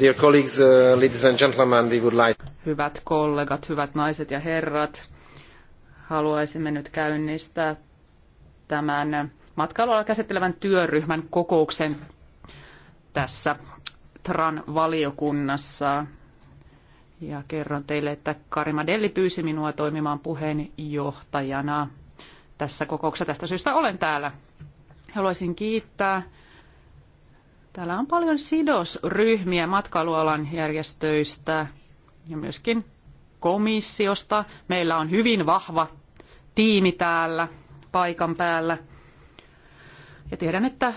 Dear colleagues, uh, ladies and gentlemen, we would like... Hyvät kollegat, hyvät naiset ja herrat, haluaisimme nyt käynnistää tämän matkailualaa käsittelevän työryhmän kokouksen tässä TRAN-valiokunnassa. Ja kerron teille, että Karima Delli pyysi minua toimimaan puheenjohtajana tässä kokouksessa. Tästä syystä olen täällä. Haluaisin kiittää Täällä on paljon sidosryhmiä matkailualan järjestöistä ja myöskin komissiosta. Meillä on hyvin vahva tiimi täällä paikan päällä. Ja tiedän, että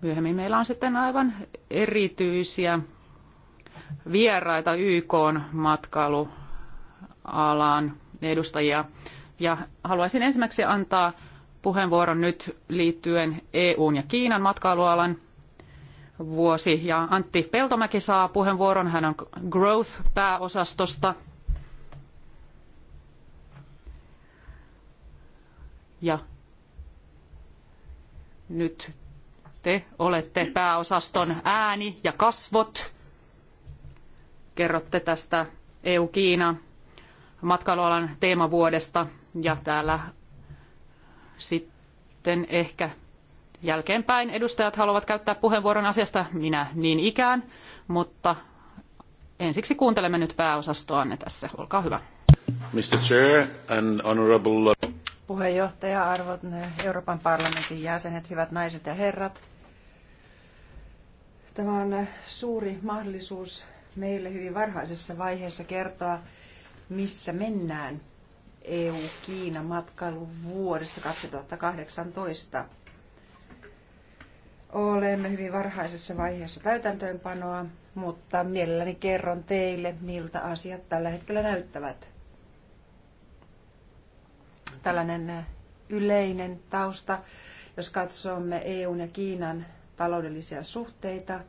myöhemmin meillä on sitten aivan erityisiä vieraita YK matkailualan edustajia. Ja haluaisin ensimmäiseksi antaa puheenvuoron nyt liittyen EUn ja Kiinan matkailualan vuosi. Ja Antti Peltomäki saa puheenvuoron. Hän on Growth-pääosastosta. Ja nyt te olette pääosaston ääni ja kasvot. Kerrotte tästä EU-Kiina matkailualan teemavuodesta ja täällä sitten ehkä jälkeenpäin edustajat haluavat käyttää puheenvuoron asiasta, minä niin ikään, mutta ensiksi kuuntelemme nyt pääosastoanne tässä. Olkaa hyvä. Mr. Chair and honorable... Puheenjohtaja, arvot Euroopan parlamentin jäsenet, hyvät naiset ja herrat. Tämä on eh, suuri mahdollisuus meille hyvin varhaisessa vaiheessa kertoa, missä mennään EU-Kiina vuodessa 2018. Olemme hyvin varhaisessa vaiheessa täytäntöönpanoa, mutta mielelläni kerron teille, miltä asiat tällä hetkellä näyttävät. Tällainen äh, yleinen tausta, jos katsomme EUn ja Kiinan taloudellisia suhteita,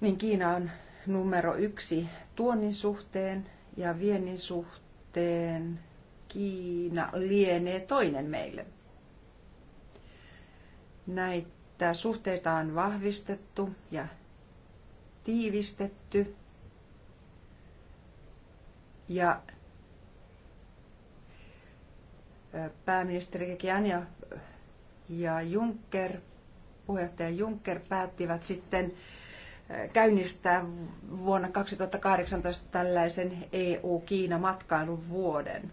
niin Kiina on numero yksi tuonnin suhteen ja viennin suhteen Kiina lienee toinen meille. Näitä että suhteita on vahvistettu ja tiivistetty. Ja pääministeri Kekiania ja Juncker, puheenjohtaja Juncker päättivät sitten käynnistää vuonna 2018 tällaisen EU-Kiina-matkailun vuoden.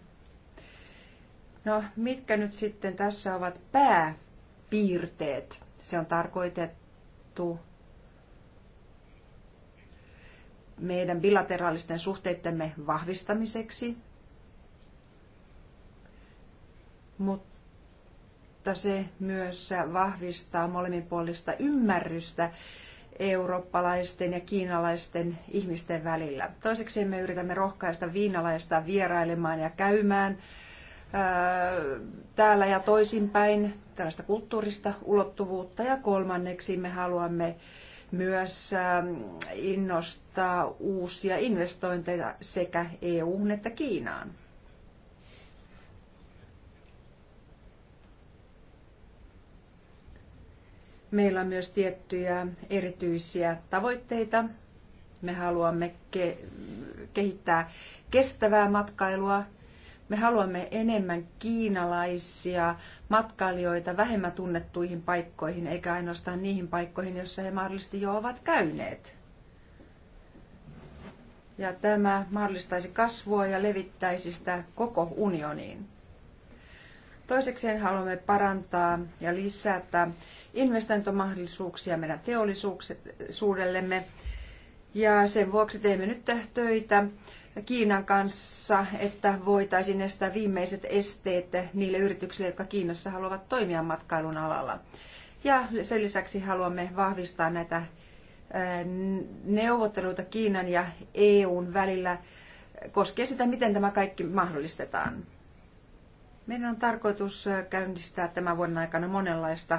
No, mitkä nyt sitten tässä ovat pääpiirteet se on tarkoitettu meidän bilateraalisten suhteittemme vahvistamiseksi, mutta se myös vahvistaa molemminpuolista ymmärrystä eurooppalaisten ja kiinalaisten ihmisten välillä. Toiseksi me yritämme rohkaista viinalaista vierailemaan ja käymään täällä ja toisinpäin tällaista kulttuurista ulottuvuutta ja kolmanneksi me haluamme myös innostaa uusia investointeja sekä eu että Kiinaan. Meillä on myös tiettyjä erityisiä tavoitteita. Me haluamme kehittää kestävää matkailua, me haluamme enemmän kiinalaisia matkailijoita vähemmän tunnettuihin paikkoihin, eikä ainoastaan niihin paikkoihin, joissa he mahdollisesti jo ovat käyneet. Ja tämä mahdollistaisi kasvua ja levittäisi sitä koko unioniin. Toisekseen haluamme parantaa ja lisätä investointimahdollisuuksia meidän teollisuudellemme. Ja sen vuoksi teemme nyt töitä Kiinan kanssa, että voitaisiin estää viimeiset esteet niille yrityksille, jotka Kiinassa haluavat toimia matkailun alalla. Ja sen lisäksi haluamme vahvistaa näitä neuvotteluita Kiinan ja EUn välillä koskien sitä, miten tämä kaikki mahdollistetaan. Meidän on tarkoitus käynnistää tämän vuoden aikana monenlaista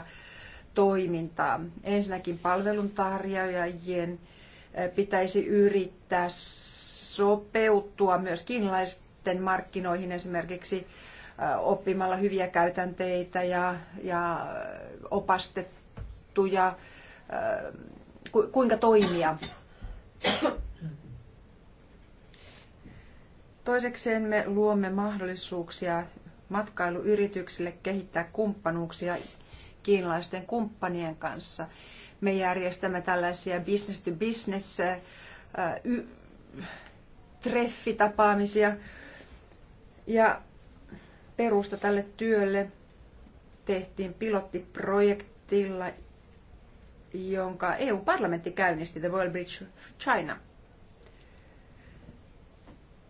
toimintaa. Ensinnäkin palveluntarjoajien pitäisi yrittää sopeutua myös kiinalaisten markkinoihin esimerkiksi äh, oppimalla hyviä käytänteitä ja, ja äh, opastettuja, äh, kuinka toimia. Toisekseen me luomme mahdollisuuksia matkailuyrityksille kehittää kumppanuuksia kiinalaisten kumppanien kanssa. Me järjestämme tällaisia business to business treffitapaamisia. Ja perusta tälle työlle tehtiin pilottiprojektilla, jonka EU-parlamentti käynnisti, The World Bridge China.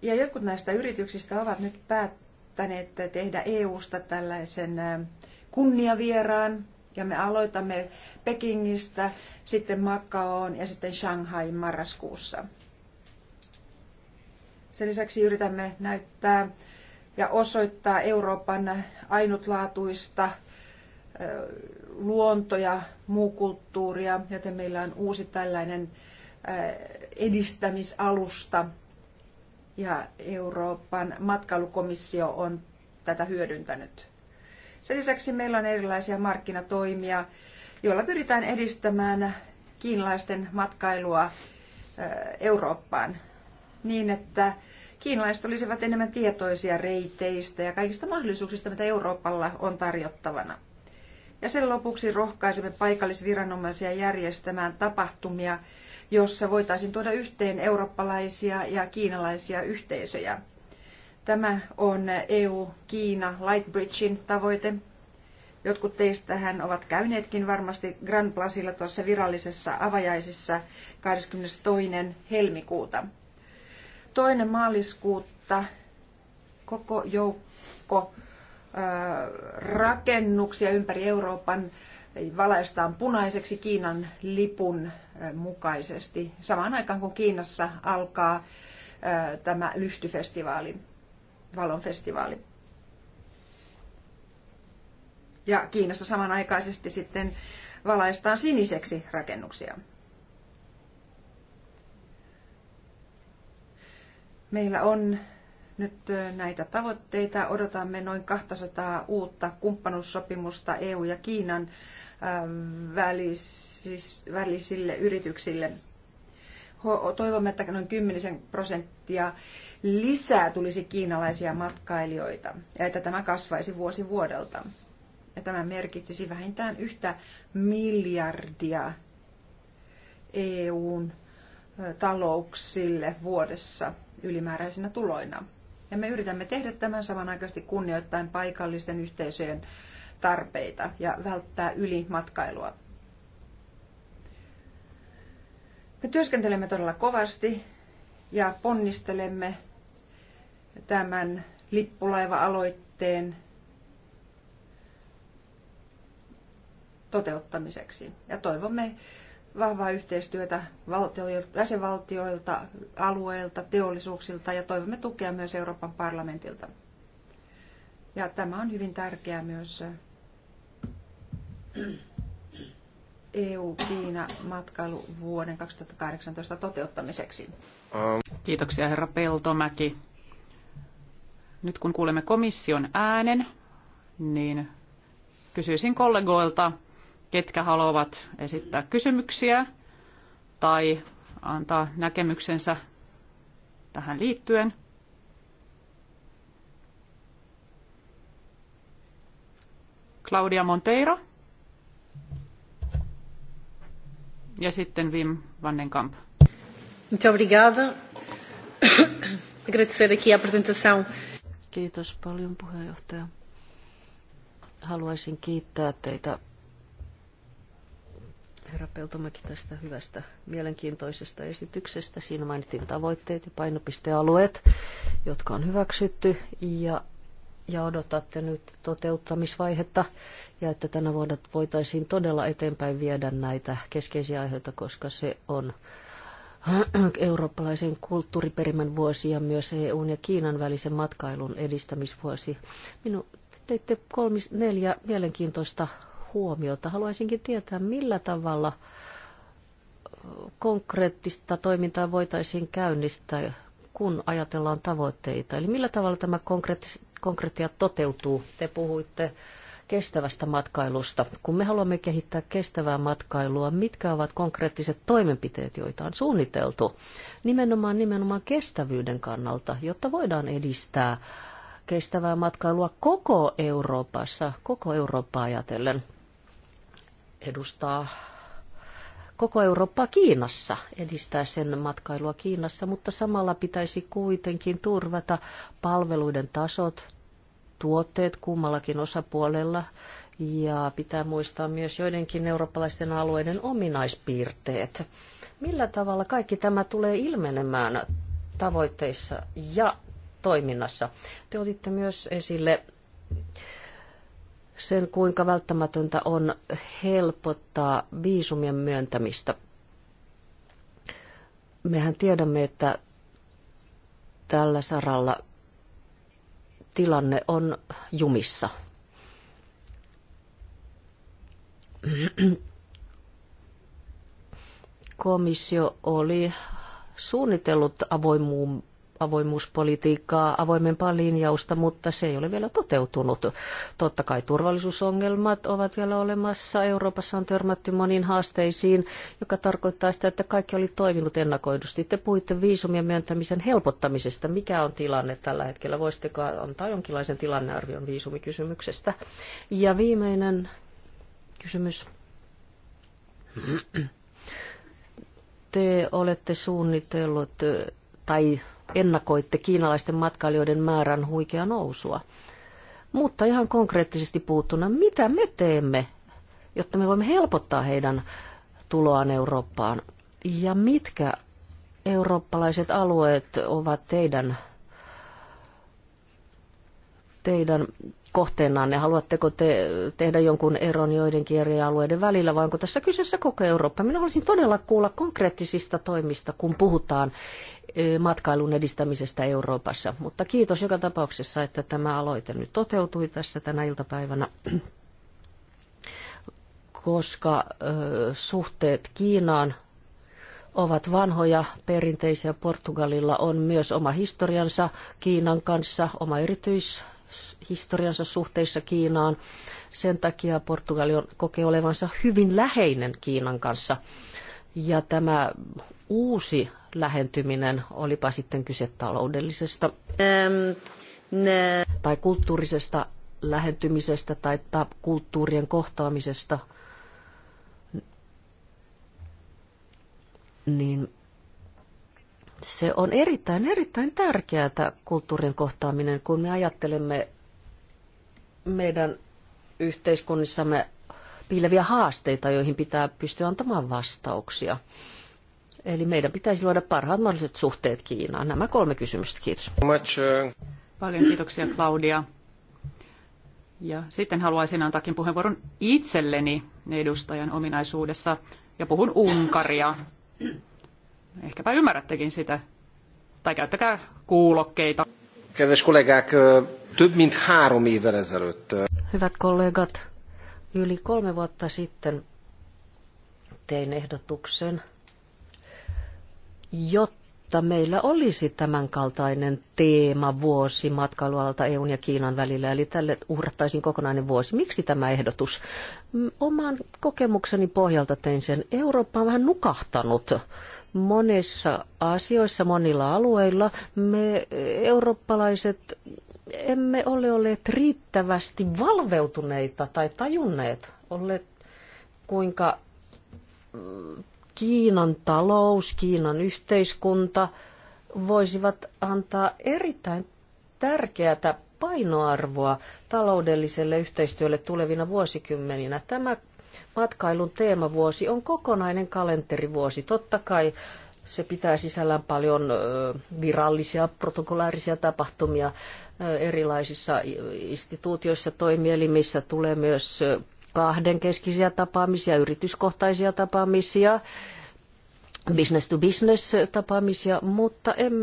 Ja jotkut näistä yrityksistä ovat nyt päättäneet tehdä EU-sta tällaisen kunniavieraan, ja me aloitamme Pekingistä, sitten Makkaoon ja sitten Shanghai marraskuussa. Sen lisäksi yritämme näyttää ja osoittaa Euroopan ainutlaatuista luonto- ja kulttuuria, joten meillä on uusi tällainen edistämisalusta ja Euroopan matkailukomissio on tätä hyödyntänyt. Sen lisäksi meillä on erilaisia markkinatoimia, joilla pyritään edistämään kiinalaisten matkailua Eurooppaan niin, että kiinalaiset olisivat enemmän tietoisia reiteistä ja kaikista mahdollisuuksista, mitä Euroopalla on tarjottavana. Ja sen lopuksi rohkaisemme paikallisviranomaisia järjestämään tapahtumia, jossa voitaisiin tuoda yhteen eurooppalaisia ja kiinalaisia yhteisöjä. Tämä on EU-Kiina Lightbridgein tavoite. Jotkut teistähän ovat käyneetkin varmasti Grand Plasilla tuossa virallisessa avajaisessa 22. helmikuuta. Toinen maaliskuutta koko joukko rakennuksia ympäri Euroopan valaistaan punaiseksi Kiinan lipun mukaisesti, samaan aikaan kun Kiinassa alkaa tämä lyhtyfestivaali, valonfestivaali. Ja Kiinassa samanaikaisesti sitten valaistaan siniseksi rakennuksia. Meillä on nyt näitä tavoitteita. Odotamme noin 200 uutta kumppanuussopimusta EU ja Kiinan välisille yrityksille. Toivomme, että noin 10 prosenttia lisää tulisi kiinalaisia matkailijoita ja että tämä kasvaisi vuosi vuodelta. Ja tämä merkitsisi vähintään yhtä miljardia EUn talouksille vuodessa – ylimääräisinä tuloina. Ja me yritämme tehdä tämän samanaikaisesti kunnioittain paikallisten yhteisöjen tarpeita ja välttää ylimatkailua. Me työskentelemme todella kovasti ja ponnistelemme tämän lippulaiva-aloitteen toteuttamiseksi. Ja toivomme vahvaa yhteistyötä jäsenvaltioilta, alueilta, teollisuuksilta ja toivomme tukea myös Euroopan parlamentilta. Ja tämä on hyvin tärkeää myös EU-Kiina matkailu vuoden 2018 toteuttamiseksi. Kiitoksia herra Peltomäki. Nyt kun kuulemme komission äänen, niin kysyisin kollegoilta, ketkä haluavat esittää kysymyksiä tai antaa näkemyksensä tähän liittyen. Claudia Monteiro. Ja sitten Wim van den Muito obrigada. Agradecer aqui a apresentação. Kiitos paljon puheenjohtaja. Haluaisin kiittää teitä herra Peltomäki tästä hyvästä mielenkiintoisesta esityksestä. Siinä mainittiin tavoitteet ja painopistealueet, jotka on hyväksytty ja, ja odotatte nyt toteuttamisvaihetta ja että tänä vuonna voitaisiin todella eteenpäin viedä näitä keskeisiä aiheita, koska se on eurooppalaisen kulttuuriperimän vuosi ja myös EUn ja Kiinan välisen matkailun edistämisvuosi. Minun teitte kolmis, neljä mielenkiintoista huomiota. Haluaisinkin tietää, millä tavalla konkreettista toimintaa voitaisiin käynnistää, kun ajatellaan tavoitteita. Eli millä tavalla tämä konkreettia toteutuu? Te puhuitte kestävästä matkailusta. Kun me haluamme kehittää kestävää matkailua, mitkä ovat konkreettiset toimenpiteet, joita on suunniteltu nimenomaan, nimenomaan kestävyyden kannalta, jotta voidaan edistää kestävää matkailua koko Euroopassa, koko Eurooppaa ajatellen edustaa koko Eurooppaa Kiinassa, edistää sen matkailua Kiinassa, mutta samalla pitäisi kuitenkin turvata palveluiden tasot, tuotteet kummallakin osapuolella ja pitää muistaa myös joidenkin eurooppalaisten alueiden ominaispiirteet. Millä tavalla kaikki tämä tulee ilmenemään tavoitteissa ja toiminnassa? Te otitte myös esille sen, kuinka välttämätöntä on helpottaa viisumien myöntämistä. Mehän tiedämme, että tällä saralla tilanne on jumissa. Komissio oli suunnitellut avoimuun avoimuuspolitiikkaa, avoimempaa linjausta, mutta se ei ole vielä toteutunut. Totta kai turvallisuusongelmat ovat vielä olemassa. Euroopassa on törmätty moniin haasteisiin, joka tarkoittaa sitä, että kaikki oli toiminut ennakoidusti. Te puhuitte viisumien myöntämisen helpottamisesta. Mikä on tilanne tällä hetkellä? Voisitteko antaa jonkinlaisen tilannearvion viisumikysymyksestä? Ja viimeinen kysymys te olette suunnitellut tai ennakoitte kiinalaisten matkailijoiden määrän huikea nousua. Mutta ihan konkreettisesti puuttuna, mitä me teemme, jotta me voimme helpottaa heidän tuloaan Eurooppaan? Ja mitkä eurooppalaiset alueet ovat teidän, teidän kohteenanne? Haluatteko te tehdä jonkun eron joidenkin eri alueiden välillä vai onko tässä kyseessä koko Eurooppa? Minä haluaisin todella kuulla konkreettisista toimista, kun puhutaan e, matkailun edistämisestä Euroopassa. Mutta kiitos joka tapauksessa, että tämä aloite nyt toteutui tässä tänä iltapäivänä koska e, suhteet Kiinaan ovat vanhoja, perinteisiä. Portugalilla on myös oma historiansa Kiinan kanssa, oma erityis historiansa suhteissa Kiinaan. Sen takia Portugali on, kokee olevansa hyvin läheinen Kiinan kanssa. Ja tämä uusi lähentyminen, olipa sitten kyse taloudellisesta ähm, tai kulttuurisesta lähentymisestä tai kulttuurien kohtaamisesta, niin se on erittäin, erittäin tärkeää kulttuurin kohtaaminen, kun me ajattelemme meidän yhteiskunnissamme piileviä haasteita, joihin pitää pystyä antamaan vastauksia. Eli meidän pitäisi luoda parhaat mahdolliset suhteet Kiinaan. Nämä kolme kysymystä. Kiitos. Paljon kiitoksia Claudia. Ja sitten haluaisin antaakin puheenvuoron itselleni edustajan ominaisuudessa ja puhun Unkaria. Ehkäpä ymmärrättekin sitä. Tai käyttäkää kuulokkeita. Kedves kollegák, több mint három évvel ezelőtt. Hyvät kollegat, yli kolme vuotta sitten tein ehdotuksen, jotta meillä olisi tämänkaltainen teema vuosi matkailualalta EUn ja Kiinan välillä, eli tälle uhrattaisiin kokonainen vuosi. Miksi tämä ehdotus? Oman kokemukseni pohjalta tein sen. Eurooppa on vähän nukahtanut monissa asioissa, monilla alueilla me eurooppalaiset emme ole olleet riittävästi valveutuneita tai tajunneet, olleet kuinka mm, Kiinan talous, Kiinan yhteiskunta voisivat antaa erittäin tärkeätä painoarvoa taloudelliselle yhteistyölle tulevina vuosikymmeninä. Tämä matkailun teemavuosi on kokonainen kalenterivuosi. Totta kai se pitää sisällään paljon virallisia, protokolaarisia tapahtumia erilaisissa instituutioissa, toimielimissä tulee myös kahdenkeskisiä tapaamisia, yrityskohtaisia tapaamisia, business to business tapaamisia, mutta en,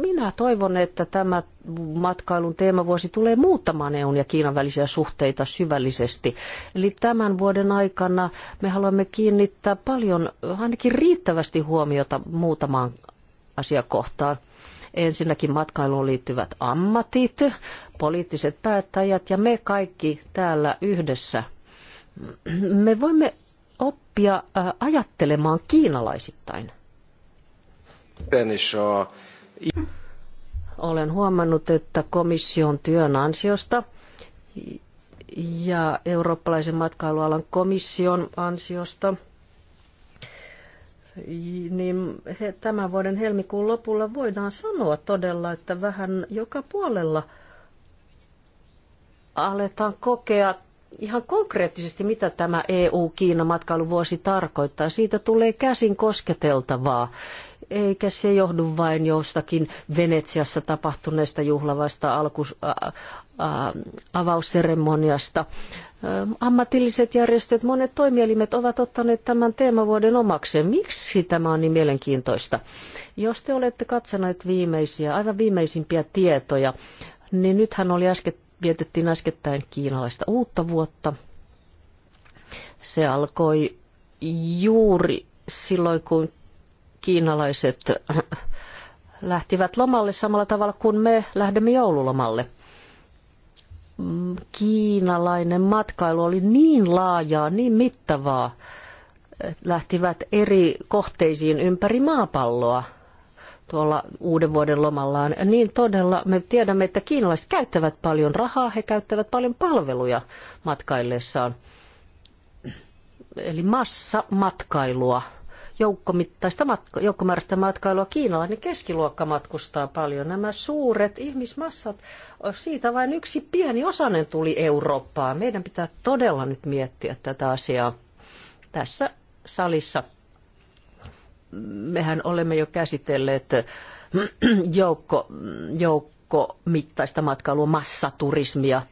minä toivon, että tämä matkailun teemavuosi tulee muuttamaan EUn ja Kiinan välisiä suhteita syvällisesti. Eli tämän vuoden aikana me haluamme kiinnittää paljon, ainakin riittävästi huomiota muutamaan asiakohtaan. Ensinnäkin matkailuun liittyvät ammatit, poliittiset päättäjät ja me kaikki täällä yhdessä. Me voimme oppia ajattelemaan kiinalaisittain? Olen huomannut, että komission työn ansiosta ja eurooppalaisen matkailualan komission ansiosta niin he, tämän vuoden helmikuun lopulla voidaan sanoa todella, että vähän joka puolella aletaan kokea ihan konkreettisesti, mitä tämä EU-Kiina-matkailuvuosi tarkoittaa. Siitä tulee käsin kosketeltavaa, eikä se johdu vain jostakin Venetsiassa tapahtuneesta juhlavasta alkus, ä, ä, avausseremoniasta. Ammatilliset järjestöt, monet toimielimet ovat ottaneet tämän teemavuoden omakseen. Miksi tämä on niin mielenkiintoista? Jos te olette katsoneet viimeisiä, aivan viimeisimpiä tietoja, niin nythän oli äsken vietettiin äskettäin kiinalaista uutta vuotta. Se alkoi juuri silloin, kun kiinalaiset lähtivät lomalle samalla tavalla kuin me lähdemme joululomalle. Kiinalainen matkailu oli niin laajaa, niin mittavaa. Lähtivät eri kohteisiin ympäri maapalloa tuolla uuden vuoden lomallaan, niin todella me tiedämme, että kiinalaiset käyttävät paljon rahaa, he käyttävät paljon palveluja matkaillessaan. Eli massa matkailua, joukkomittaista matka- joukkomääräistä matkailua. Kiinalainen niin keskiluokka matkustaa paljon. Nämä suuret ihmismassat, siitä vain yksi pieni osanen tuli Eurooppaan. Meidän pitää todella nyt miettiä tätä asiaa tässä salissa mehän olemme jo käsitelleet joukko, joukko mittaista matkailua, massaturismia.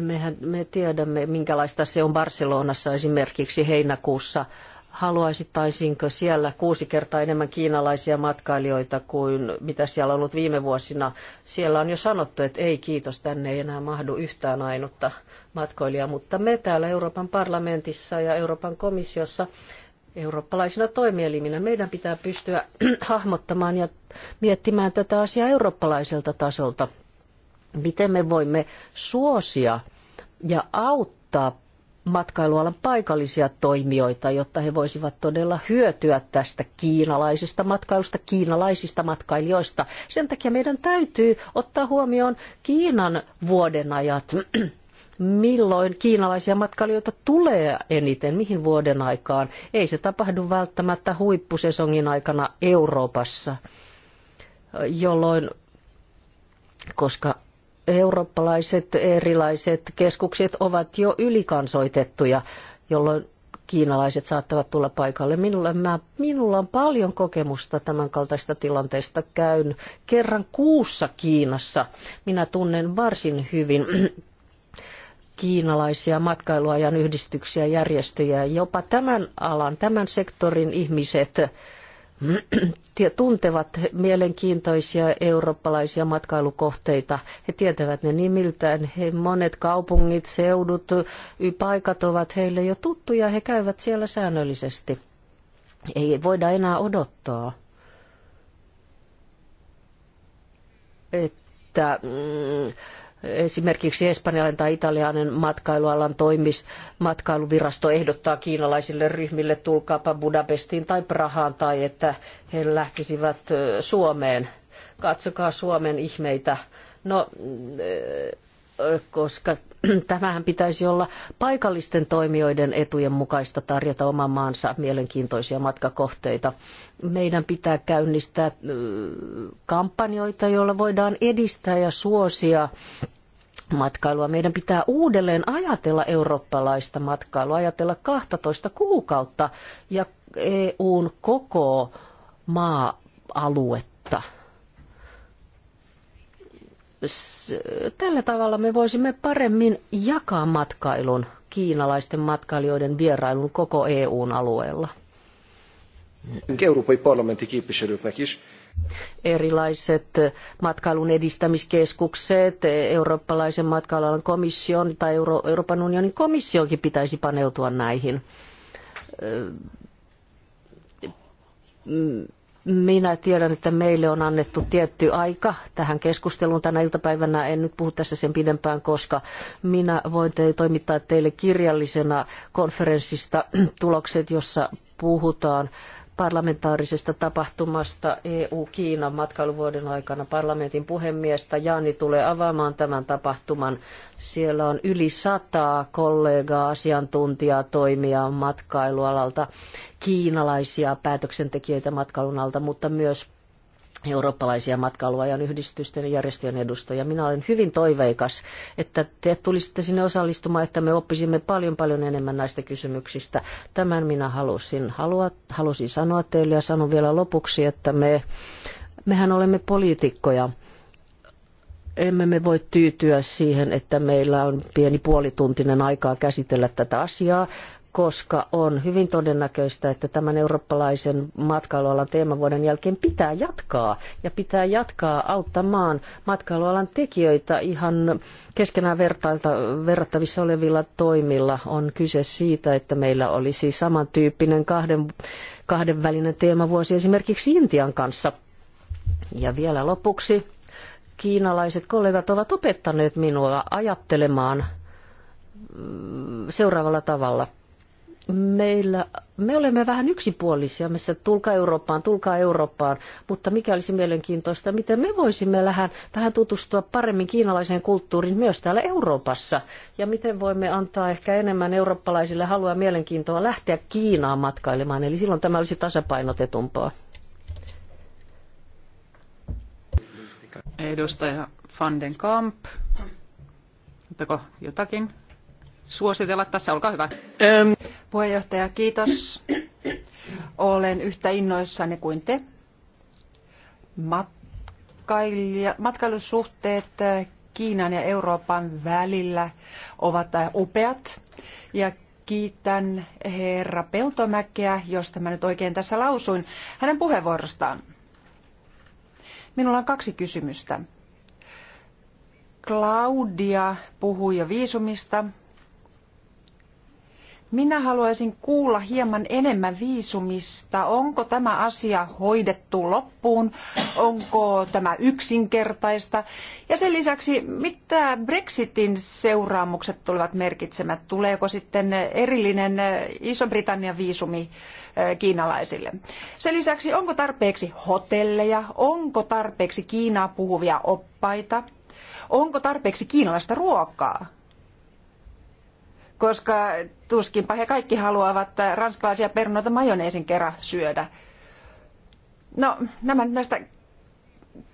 Mehän, me tiedämme, minkälaista se on Barcelonassa esimerkiksi heinäkuussa. Haluaisittaisinko siellä kuusi kertaa enemmän kiinalaisia matkailijoita kuin mitä siellä on ollut viime vuosina? Siellä on jo sanottu, että ei kiitos, tänne ei enää mahdu yhtään ainutta matkailijaa, mutta me täällä Euroopan parlamentissa ja Euroopan komissiossa eurooppalaisina toimieliminä. Meidän pitää pystyä hahmottamaan ja miettimään tätä asiaa eurooppalaiselta tasolta. Miten me voimme suosia ja auttaa matkailualan paikallisia toimijoita, jotta he voisivat todella hyötyä tästä kiinalaisesta matkailusta, kiinalaisista matkailijoista. Sen takia meidän täytyy ottaa huomioon Kiinan vuodenajat milloin kiinalaisia matkailijoita tulee eniten, mihin vuoden aikaan. Ei se tapahdu välttämättä huippusesongin aikana Euroopassa, jolloin, koska eurooppalaiset erilaiset keskukset ovat jo ylikansoitettuja, jolloin kiinalaiset saattavat tulla paikalle. Minulla, mä, minulla on paljon kokemusta tämän kaltaista tilanteesta Käyn kerran kuussa Kiinassa. Minä tunnen varsin hyvin kiinalaisia matkailuajan yhdistyksiä, järjestöjä, jopa tämän alan, tämän sektorin ihmiset tuntevat mielenkiintoisia eurooppalaisia matkailukohteita. He tietävät ne nimiltään. He monet kaupungit, seudut, paikat ovat heille jo tuttuja. He käyvät siellä säännöllisesti. Ei voida enää odottaa, että mm, Esimerkiksi espanjalainen tai italialainen matkailualan toimis, matkailuvirasto ehdottaa kiinalaisille ryhmille, tulkaapa Budapestiin tai Prahaan tai että he lähtisivät Suomeen. Katsokaa Suomen ihmeitä. No, koska tämähän pitäisi olla paikallisten toimijoiden etujen mukaista tarjota oman maansa mielenkiintoisia matkakohteita. Meidän pitää käynnistää kampanjoita, joilla voidaan edistää ja suosia matkailua. Meidän pitää uudelleen ajatella eurooppalaista matkailua, ajatella 12 kuukautta ja EUn koko maa-aluetta. Tällä tavalla me voisimme paremmin jakaa matkailun, kiinalaisten matkailijoiden vierailun koko EUn alueella. Euroopan Erilaiset matkailun edistämiskeskukset, eurooppalaisen matkailualan komission tai Euro Euroopan unionin komissiokin pitäisi paneutua näihin minä tiedän, että meille on annettu tietty aika tähän keskusteluun tänä iltapäivänä. En nyt puhu tässä sen pidempään, koska minä voin te- toimittaa teille kirjallisena konferenssista tulokset, jossa puhutaan parlamentaarisesta tapahtumasta EU-Kiinan matkailuvuoden aikana. Parlamentin puhemiestä Jaani tulee avaamaan tämän tapahtuman. Siellä on yli sata kollegaa, asiantuntijaa, toimijaa matkailualalta, kiinalaisia päätöksentekijöitä matkailun alta, mutta myös eurooppalaisia matkailuajan yhdistysten ja järjestöjen edustajia. Minä olen hyvin toiveikas, että te tulisitte sinne osallistumaan, että me oppisimme paljon paljon enemmän näistä kysymyksistä. Tämän minä halusin, halua, halusin sanoa teille ja sanon vielä lopuksi, että me, mehän olemme poliitikkoja emme me voi tyytyä siihen, että meillä on pieni puolituntinen aikaa käsitellä tätä asiaa koska on hyvin todennäköistä, että tämän eurooppalaisen matkailualan teemavuoden jälkeen pitää jatkaa ja pitää jatkaa auttamaan matkailualan tekijöitä ihan keskenään vertailta, verrattavissa olevilla toimilla. On kyse siitä, että meillä olisi samantyyppinen kahden, kahdenvälinen teemavuosi esimerkiksi Intian kanssa. Ja vielä lopuksi kiinalaiset kollegat ovat opettaneet minua ajattelemaan mm, seuraavalla tavalla – meillä, me olemme vähän yksipuolisia, missä tulkaa Eurooppaan, tulkaa Eurooppaan, mutta mikä olisi mielenkiintoista, miten me voisimme lähden, vähän tutustua paremmin kiinalaiseen kulttuuriin myös täällä Euroopassa, ja miten voimme antaa ehkä enemmän eurooppalaisille halua ja mielenkiintoa lähteä Kiinaan matkailemaan, eli silloin tämä olisi tasapainotetumpaa. Edustaja Van den Kamp, Ottako jotakin suositella tässä, olkaa hyvä. Ähm. Puheenjohtaja, kiitos. Olen yhtä innoissani kuin te. Matkailija, matkailusuhteet Kiinan ja Euroopan välillä ovat upeat. Ja kiitän herra Peltomäkeä, josta mä nyt oikein tässä lausuin, hänen puheenvuorostaan. Minulla on kaksi kysymystä. Claudia puhui jo viisumista, minä haluaisin kuulla hieman enemmän viisumista. Onko tämä asia hoidettu loppuun? Onko tämä yksinkertaista? Ja sen lisäksi, mitä Brexitin seuraamukset tulevat merkitsemään? Tuleeko sitten erillinen Iso-Britannian viisumi eh, kiinalaisille? Sen lisäksi, onko tarpeeksi hotelleja? Onko tarpeeksi Kiinaa puhuvia oppaita? Onko tarpeeksi kiinalaista ruokaa? koska tuskinpa he kaikki haluavat ranskalaisia perunoita majoneesin kerran syödä. No, nämä näistä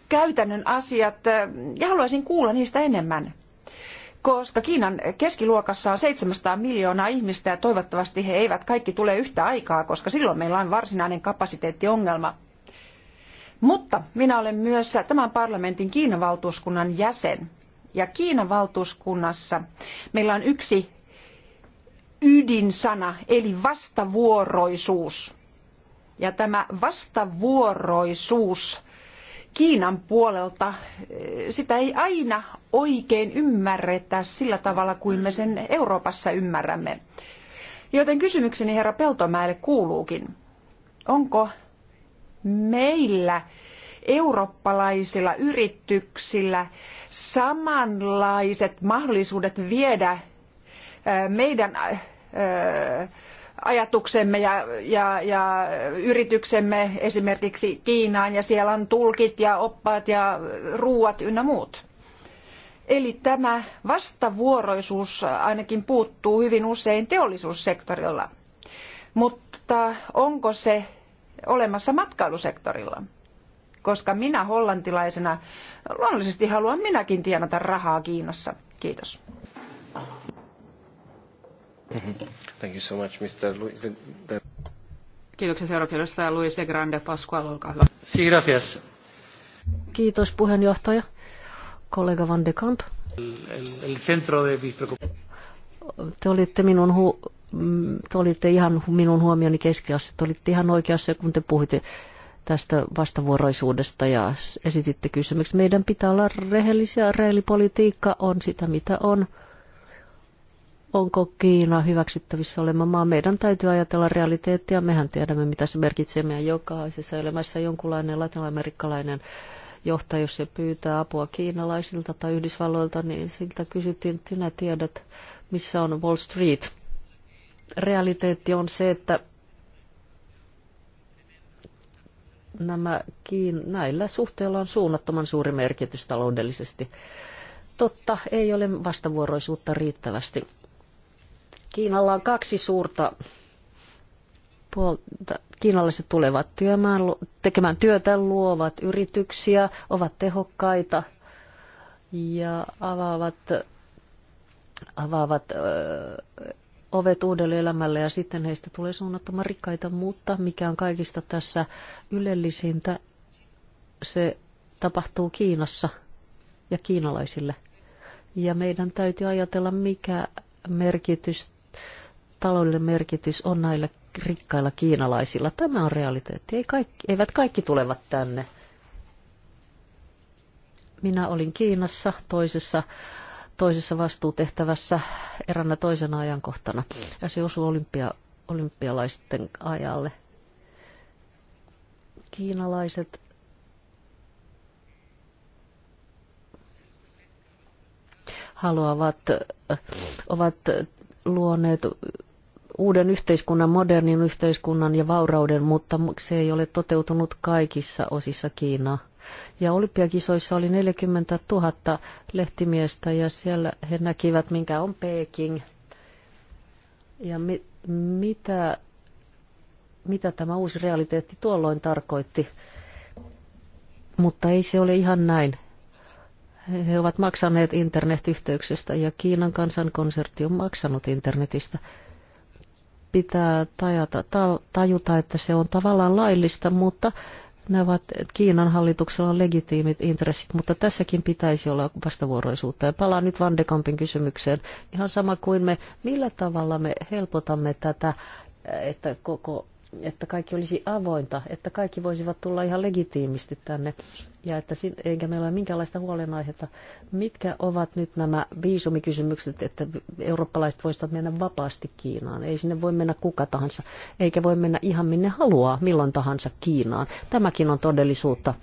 käytännön asiat, eh, ja haluaisin kuulla niistä enemmän. Koska Kiinan keskiluokassa on 700 miljoonaa ihmistä ja toivottavasti he eivät kaikki tule yhtä aikaa, koska silloin meillä on varsinainen kapasiteettiongelma. Mutta minä olen myös tämän parlamentin Kiinan valtuuskunnan jäsen. Ja Kiinan valtuuskunnassa meillä on yksi ydinsana eli vastavuoroisuus. Ja tämä vastavuoroisuus Kiinan puolelta, eh, sitä ei aina oikein ymmärretä sillä tavalla kuin me sen Euroopassa ymmärrämme. Joten kysymykseni herra Peltomäelle kuuluukin, onko meillä eurooppalaisilla yrityksillä samanlaiset mahdollisuudet viedä meidän ajatuksemme ja, ja, ja, yrityksemme esimerkiksi Kiinaan ja siellä on tulkit ja oppaat ja ruuat ynnä muut. Eli tämä vastavuoroisuus ainakin puuttuu hyvin usein teollisuussektorilla. Mutta onko se olemassa matkailusektorilla? Koska minä hollantilaisena luonnollisesti haluan minäkin tienata rahaa Kiinassa. Kiitos. Thank you so much, Mr. Luis de... Kiitoksia seuraavaksi Luis de Grande Pascual, olkaa hyvä. Sí, gracias. Kiitos puheenjohtaja. Kollega Van de Kamp. El, centro de mis te olitte, minun hu- mm, te olitte ihan minun huomioni keskiössä. Te olitte ihan oikeassa, kun te puhuitte tästä vastavuoroisuudesta ja esititte kysymyksen. Meidän pitää olla rehellisiä. Rehellipolitiikka on sitä, mitä on onko Kiina hyväksyttävissä olema maa. Meidän täytyy ajatella realiteettia. Mehän tiedämme, mitä se merkitsee meidän jokaisessa elämässä. Jonkunlainen latinalaisemmerikkalainen johtaja, jos se pyytää apua kiinalaisilta tai Yhdysvalloilta, niin siltä kysyttiin, että sinä tiedät, missä on Wall Street. Realiteetti on se, että nämä Kiin, näillä suhteilla on suunnattoman suuri merkitys taloudellisesti. Totta, ei ole vastavuoroisuutta riittävästi Kiinalla on kaksi suurta puolta. Kiinalaiset tulevat työmään, tekemään työtä, luovat yrityksiä, ovat tehokkaita ja avaavat, avaavat öö, ovet uudelle elämälle ja sitten heistä tulee suunnattoman rikkaita, mutta mikä on kaikista tässä ylellisintä, se tapahtuu Kiinassa ja kiinalaisille. Ja meidän täytyy ajatella, mikä merkitys taloudellinen merkitys on näillä rikkailla kiinalaisilla. Tämä on realiteetti. Ei kaikki, eivät kaikki tulevat tänne. Minä olin Kiinassa toisessa, toisessa vastuutehtävässä eränä toisena ajankohtana. Ja se osui olympia, olympialaisten ajalle. Kiinalaiset haluavat, ovat luoneet uuden yhteiskunnan, modernin yhteiskunnan ja vaurauden, mutta se ei ole toteutunut kaikissa osissa Kiinaa. Ja olympiakisoissa oli 40 000 lehtimiestä ja siellä he näkivät, minkä on Peking. Ja mi- mitä, mitä tämä uusi realiteetti tuolloin tarkoitti. Mutta ei se ole ihan näin. He ovat maksaneet internetyhteyksestä ja Kiinan kansankonsertti on maksanut internetistä pitää tajata, tajuta, että se on tavallaan laillista, mutta nämä ovat, Kiinan hallituksella on legitiimit intressit, mutta tässäkin pitäisi olla vastavuoroisuutta. Ja palaan nyt Van de Kampin kysymykseen. Ihan sama kuin me, millä tavalla me helpotamme tätä, että koko että kaikki olisi avointa, että kaikki voisivat tulla ihan legitiimisti tänne ja että sin, eikä meillä ole minkäänlaista huolenaihetta. Mitkä ovat nyt nämä viisumikysymykset, että eurooppalaiset voisivat mennä vapaasti Kiinaan? Ei sinne voi mennä kuka tahansa, eikä voi mennä ihan minne haluaa, milloin tahansa Kiinaan. Tämäkin on todellisuutta.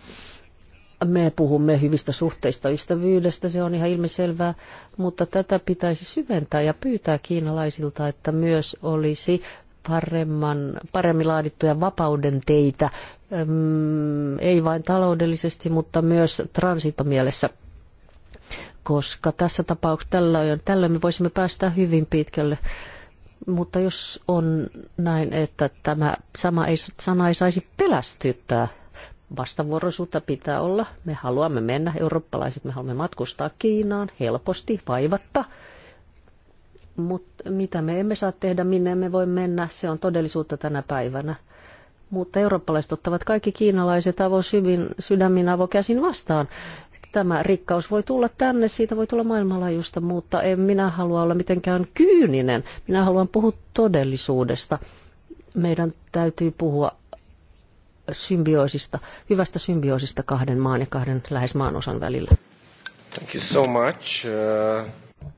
Me puhumme hyvistä suhteista, ystävyydestä, se on ihan ilmiselvää, mutta tätä pitäisi syventää ja pyytää kiinalaisilta, että myös olisi paremman, paremmin laadittuja vapauden teitä, ei vain taloudellisesti, mutta myös transitomielessä koska tässä tapauksessa tällöin, tällöin me voisimme päästä hyvin pitkälle. Mutta jos on näin, että tämä sama ei, sana ei saisi pelästyttää, vastavuoroisuutta pitää olla. Me haluamme mennä, eurooppalaiset, me haluamme matkustaa Kiinaan helposti, vaivatta – mutta mitä me emme saa tehdä, minne emme voi mennä, se on todellisuutta tänä päivänä. Mutta eurooppalaiset ottavat kaikki kiinalaiset syvin, sydämin avokäsin vastaan. Tämä rikkaus voi tulla tänne, siitä voi tulla maailmanlaajuista, mutta en minä halua olla mitenkään kyyninen. Minä haluan puhua todellisuudesta. Meidän täytyy puhua symbioosista, hyvästä symbioosista kahden maan ja kahden lähes maanosan välillä. Thank you so much. Uh...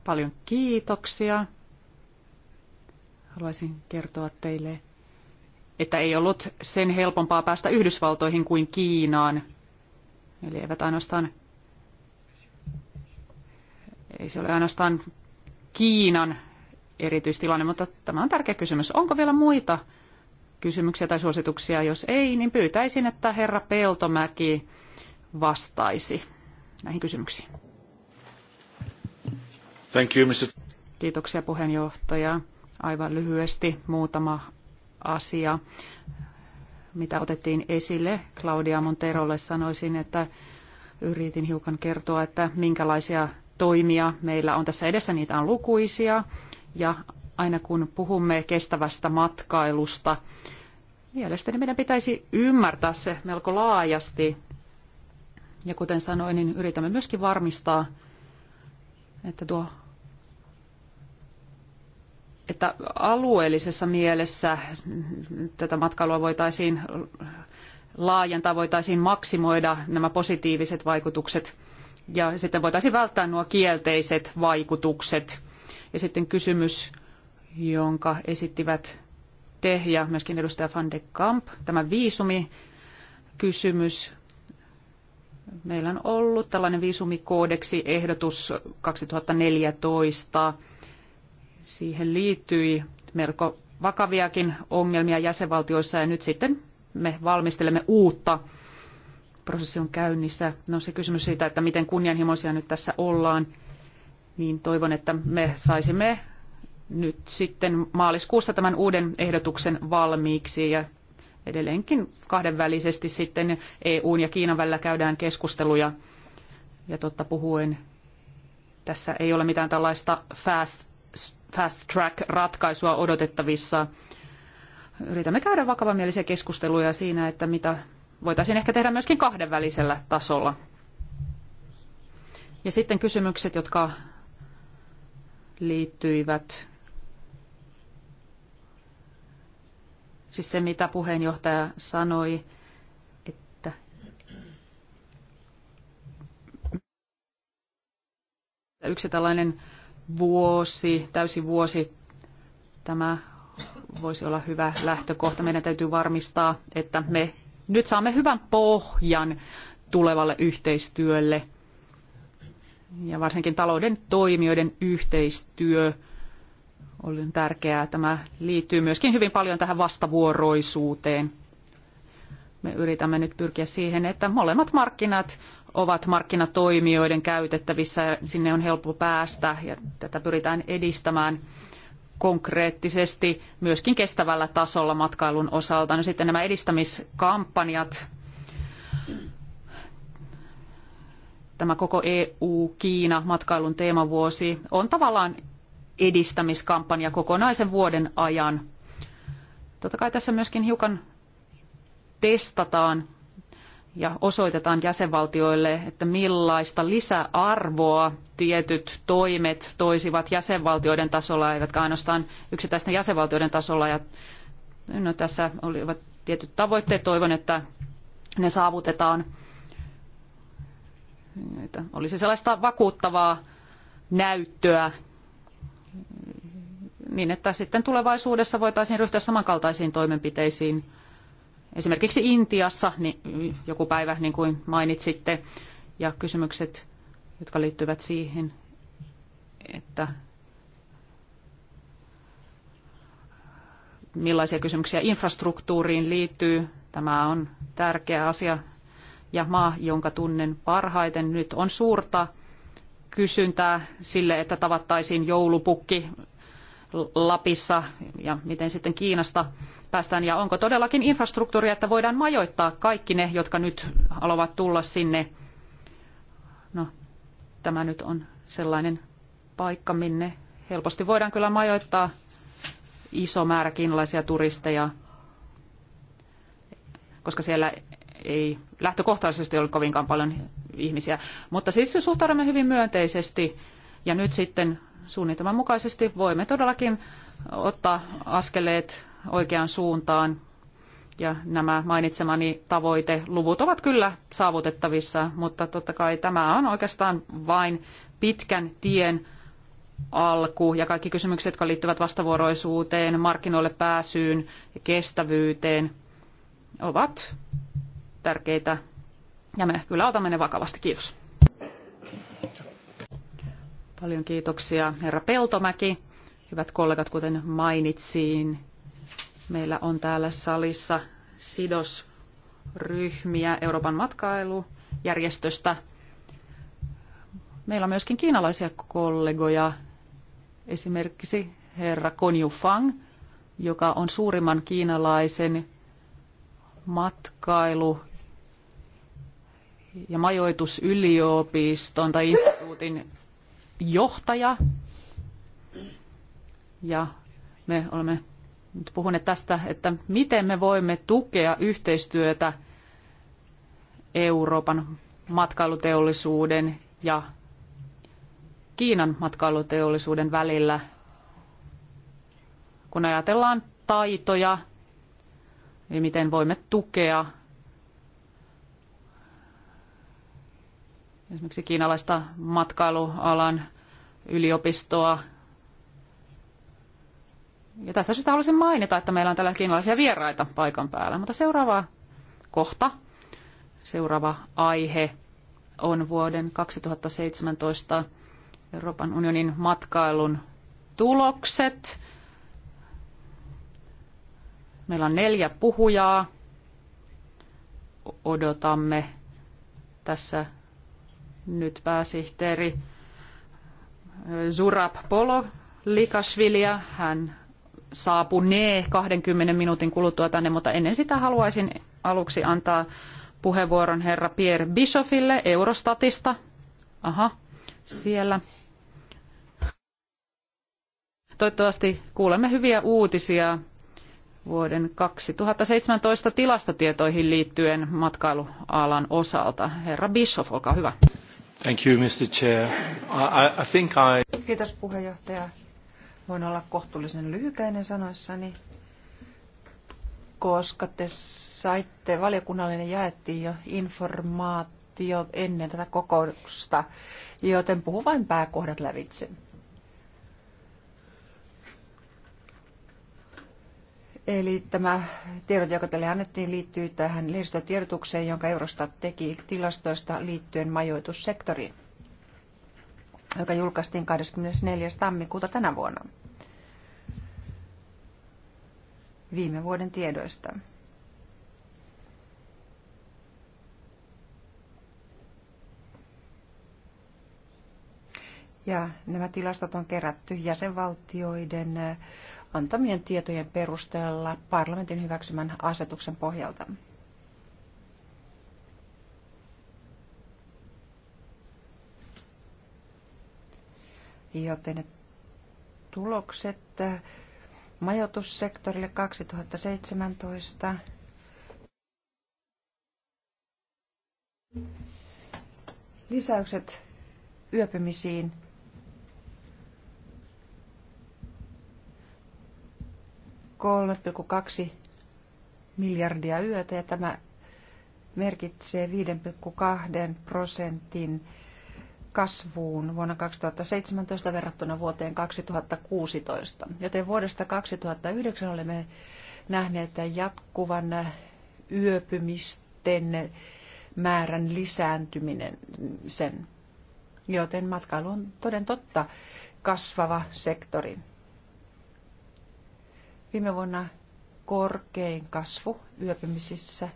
Paljon kiitoksia. Haluaisin kertoa teille, että ei ollut sen helpompaa päästä Yhdysvaltoihin kuin Kiinaan. Eli eivät ainoastaan, ei se ole ainoastaan Kiinan erityistilanne, mutta tämä on tärkeä kysymys. Onko vielä muita kysymyksiä tai suosituksia? Jos ei, niin pyytäisin, että herra Peltomäki vastaisi näihin kysymyksiin. Thank you, Mr. Kiitoksia puheenjohtaja. Aivan lyhyesti muutama asia, mitä otettiin esille. Claudia Monterolle sanoisin, että yritin hiukan kertoa, että minkälaisia toimia meillä on tässä edessä. Niitä on lukuisia ja aina kun puhumme kestävästä matkailusta, mielestäni meidän pitäisi ymmärtää se melko laajasti. Ja kuten sanoin, niin yritämme myöskin varmistaa, että tuo että alueellisessa mielessä tätä matkailua voitaisiin laajentaa, voitaisiin maksimoida nämä positiiviset vaikutukset ja sitten voitaisiin välttää nuo kielteiset vaikutukset. Ja sitten kysymys, jonka esittivät te ja myöskin edustaja Van de Kamp, tämä viisumikysymys. Meillä on ollut tällainen viisumikoodeksi ehdotus 2014 Siihen liittyi melko vakaviakin ongelmia jäsenvaltioissa ja nyt sitten me valmistelemme uutta. Prosessi on käynnissä. No se kysymys siitä, että miten kunnianhimoisia nyt tässä ollaan, niin toivon, että me saisimme nyt sitten maaliskuussa tämän uuden ehdotuksen valmiiksi ja edelleenkin kahdenvälisesti sitten EUn ja Kiinan välillä käydään keskusteluja. Ja totta puhuen, tässä ei ole mitään tällaista fast fast track ratkaisua odotettavissa. Yritämme käydä vakavamielisiä keskusteluja siinä, että mitä voitaisiin ehkä tehdä myöskin kahdenvälisellä tasolla. Ja sitten kysymykset, jotka liittyivät siis se, mitä puheenjohtaja sanoi, että yksi tällainen vuosi, täysi vuosi, tämä voisi olla hyvä lähtökohta. Meidän täytyy varmistaa, että me nyt saamme hyvän pohjan tulevalle yhteistyölle. Ja varsinkin talouden toimijoiden yhteistyö on tärkeää. Tämä liittyy myöskin hyvin paljon tähän vastavuoroisuuteen. Me yritämme nyt pyrkiä siihen, että molemmat markkinat ovat markkinatoimijoiden käytettävissä, sinne on helppo päästä ja tätä pyritään edistämään konkreettisesti myöskin kestävällä tasolla matkailun osalta. No sitten nämä edistämiskampanjat, tämä koko EU-Kiina matkailun teemavuosi on tavallaan edistämiskampanja kokonaisen vuoden ajan. Totta kai tässä myöskin hiukan testataan ja osoitetaan jäsenvaltioille, että millaista lisäarvoa tietyt toimet toisivat jäsenvaltioiden tasolla, eivätkä ainoastaan yksittäisten jäsenvaltioiden tasolla. Ja, no, tässä olivat tietyt tavoitteet. Toivon, että ne saavutetaan. Että olisi sellaista vakuuttavaa näyttöä, niin että sitten tulevaisuudessa voitaisiin ryhtyä samankaltaisiin toimenpiteisiin – esimerkiksi Intiassa niin joku päivä, niin kuin mainitsitte, ja kysymykset, jotka liittyvät siihen, että millaisia kysymyksiä infrastruktuuriin liittyy. Tämä on tärkeä asia. Ja maa, jonka tunnen parhaiten nyt, on suurta kysyntää sille, että tavattaisiin joulupukki Lapissa ja miten sitten Kiinasta päästään ja onko todellakin infrastruktuuria, että voidaan majoittaa kaikki ne, jotka nyt haluavat tulla sinne. No, tämä nyt on sellainen paikka, minne helposti voidaan kyllä majoittaa iso määrä kiinalaisia turisteja, koska siellä ei lähtökohtaisesti ole kovinkaan paljon ihmisiä. Mutta siis suhtaudumme hyvin myönteisesti ja nyt sitten suunnitelman mukaisesti voimme todellakin ottaa askeleet oikeaan suuntaan ja nämä mainitsemani tavoiteluvut ovat kyllä saavutettavissa, mutta totta kai tämä on oikeastaan vain pitkän tien alku ja kaikki kysymykset, jotka liittyvät vastavuoroisuuteen, markkinoille pääsyyn ja kestävyyteen, ovat tärkeitä ja me kyllä otamme ne vakavasti. Kiitos. Paljon kiitoksia herra Peltomäki. Hyvät kollegat, kuten mainitsin, Meillä on täällä salissa sidosryhmiä Euroopan matkailujärjestöstä. Meillä on myöskin kiinalaisia kollegoja, esimerkiksi herra Konju Fang, joka on suurimman kiinalaisen matkailu- ja majoitusyliopiston tai instituutin johtaja. Ja me olemme nyt puhuneet tästä, että miten me voimme tukea yhteistyötä Euroopan matkailuteollisuuden ja Kiinan matkailuteollisuuden välillä, kun ajatellaan taitoja, niin miten voimme tukea esimerkiksi kiinalaista matkailualan yliopistoa ja tässä syystä haluaisin mainita, että meillä on tällä kiinalaisia vieraita paikan päällä. Mutta seuraava kohta, seuraava aihe on vuoden 2017 Euroopan unionin matkailun tulokset. Meillä on neljä puhujaa. Odotamme tässä nyt pääsihteeri Zurab Polo Likasvilja. Hän saapunee 20 minuutin kuluttua tänne, mutta ennen sitä haluaisin aluksi antaa puheenvuoron herra Pierre Bischoffille Eurostatista. Aha, siellä. Toivottavasti kuulemme hyviä uutisia vuoden 2017 tilastotietoihin liittyen matkailualan osalta. Herra Bischoff, olkaa hyvä. Thank you, Mr. Chair. I, I think I... Kiitos puheenjohtaja. Voin olla kohtuullisen lyhykäinen sanoissani, koska te saitte, valiokunnallinen jaettiin jo informaatio ennen tätä kokousta, joten puhun vain pääkohdat lävitse. Eli tämä tiedot, joka teille annettiin, liittyy tähän lehdistötiedotukseen, jonka Eurostat teki tilastoista liittyen majoitussektoriin joka julkaistiin 24. tammikuuta tänä vuonna. Viime vuoden tiedoista. Ja nämä tilastot on kerätty jäsenvaltioiden äh, antamien tietojen perusteella parlamentin hyväksymän asetuksen pohjalta. joten tulokset äh, majoitussektorille 2017 lisäykset yöpymisiin kolme kaksi miljardia yötä ja tämä merkitsee 5,2 prosentin kasvuun vuonna 2017 verrattuna vuoteen 2016. Joten vuodesta 2009 olemme nähneet jatkuvan yöpymisten määrän lisääntyminen sen. Joten matkailu on toden totta kasvava sektori. Viime vuonna korkein kasvu yöpymisissä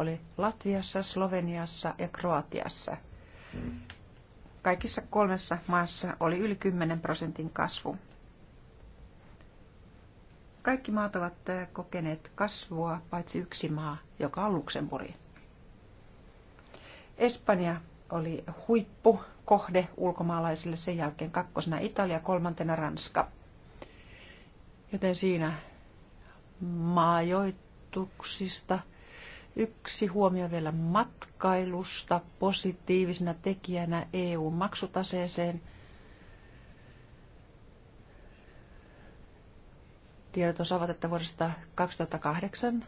oli Latviassa, Sloveniassa ja Kroatiassa. Kaikissa kolmessa maassa oli yli 10 prosentin kasvu. Kaikki maat ovat eh, kokeneet kasvua, paitsi yksi maa, joka on Luxemburg. Espanja oli huippu, kohde ulkomaalaisille, sen jälkeen kakkosena Italia, kolmantena Ranska. Joten siinä majoituksista Yksi huomio vielä matkailusta positiivisena tekijänä EU-maksutaseeseen. Tiedot osaavat, että vuodesta 2008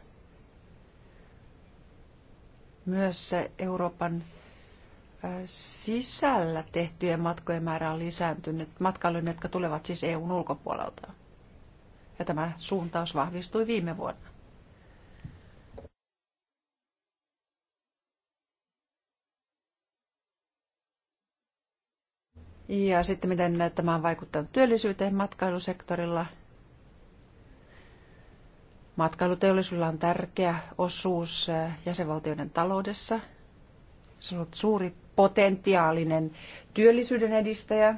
myös Euroopan sisällä tehtyjen matkojen määrä on lisääntynyt matkailijoiden, jotka tulevat siis EUn ulkopuolelta. Ja tämä suuntaus vahvistui viime vuonna. Ja sitten miten tämä on vaikuttanut työllisyyteen matkailusektorilla. Matkailuteollisuudella on tärkeä osuus äh, jäsenvaltioiden taloudessa. Se on ollut suuri potentiaalinen työllisyyden edistäjä.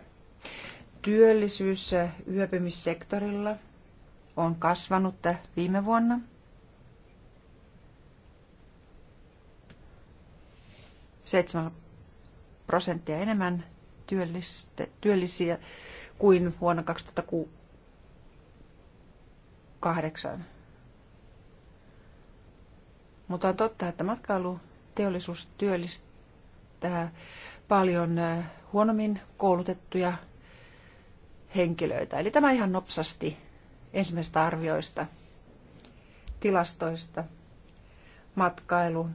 Työllisyys äh, yöpymissektorilla on kasvanut äh, viime vuonna Seitsemän prosenttia enemmän työllisiä kuin vuonna 2008. Mutta on totta, että matkailuteollisuus työllistää paljon huonommin koulutettuja henkilöitä. Eli tämä ihan nopsasti ensimmäisistä arvioista, tilastoista, matkailun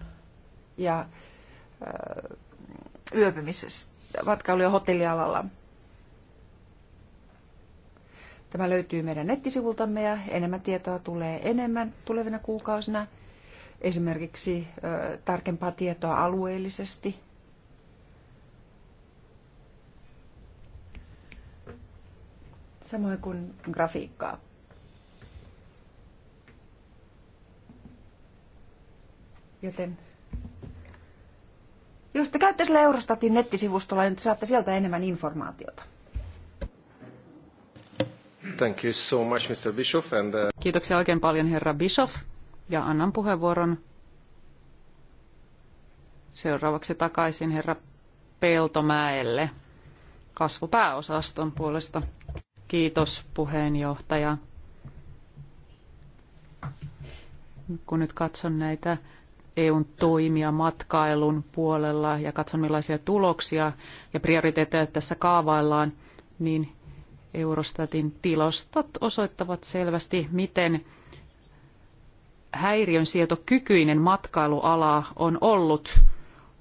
ja yöpymisestä matkailu- ja hotellialalla. Tämä löytyy meidän nettisivultamme ja enemmän tietoa tulee enemmän tulevina kuukausina. Esimerkiksi ö, tarkempaa tietoa alueellisesti. Samoin kuin grafiikkaa. Joten jos te käytte sillä Eurostatin nettisivustolla, niin saatte sieltä enemmän informaatiota. Thank you so much, Mr. Bischoff. And, uh... Kiitoksia oikein paljon, herra Bischoff. Ja annan puheenvuoron seuraavaksi takaisin herra Peltomäelle kasvupääosaston puolesta. Kiitos puheenjohtaja. Kun nyt katson näitä EUn toimia matkailun puolella ja katson millaisia tuloksia ja prioriteetteja tässä kaavaillaan, niin Eurostatin tilastot osoittavat selvästi, miten sietokykyinen matkailuala on ollut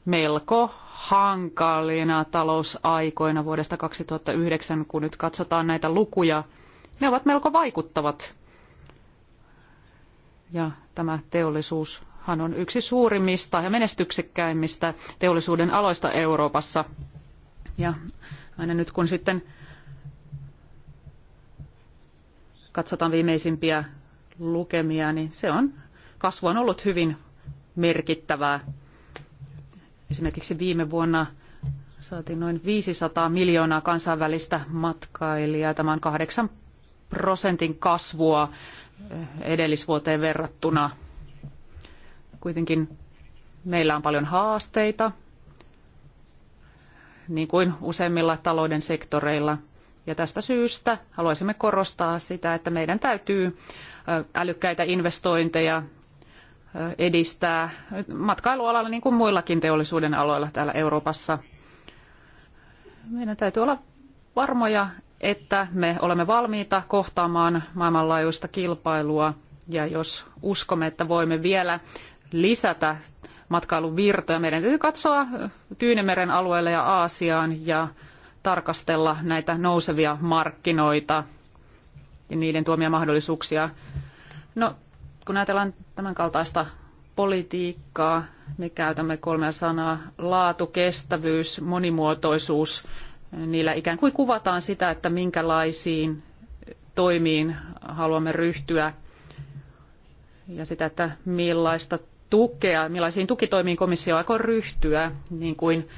melko hankalina talousaikoina vuodesta 2009, kun nyt katsotaan näitä lukuja. Ne ovat melko vaikuttavat. Ja tämä teollisuus hän on yksi suurimmista ja menestyksekkäimmistä teollisuuden aloista Euroopassa. Ja aina nyt kun sitten katsotaan viimeisimpiä lukemia, niin se on, kasvu on ollut hyvin merkittävää. Esimerkiksi viime vuonna saatiin noin 500 miljoonaa kansainvälistä matkailijaa. Tämä on 8 prosentin kasvua edellisvuoteen verrattuna. Kuitenkin meillä on paljon haasteita, niin kuin useimmilla talouden sektoreilla. Ja tästä syystä haluaisimme korostaa sitä, että meidän täytyy älykkäitä investointeja edistää matkailualalla niin kuin muillakin teollisuuden aloilla täällä Euroopassa. Meidän täytyy olla varmoja, että me olemme valmiita kohtaamaan maailmanlaajuista kilpailua ja jos uskomme, että voimme vielä lisätä matkailuvirtoja Meidän täytyy katsoa Tyynemeren alueelle ja Aasiaan ja tarkastella näitä nousevia markkinoita ja niiden tuomia mahdollisuuksia. No, kun ajatellaan tämän kaltaista politiikkaa, me käytämme kolmea sanaa, laatu, kestävyys, monimuotoisuus. Niillä ikään kuin kuvataan sitä, että minkälaisiin toimiin haluamme ryhtyä ja sitä, että millaista tukea, millaisiin tukitoimiin komissio aikoo ryhtyä, niin kuin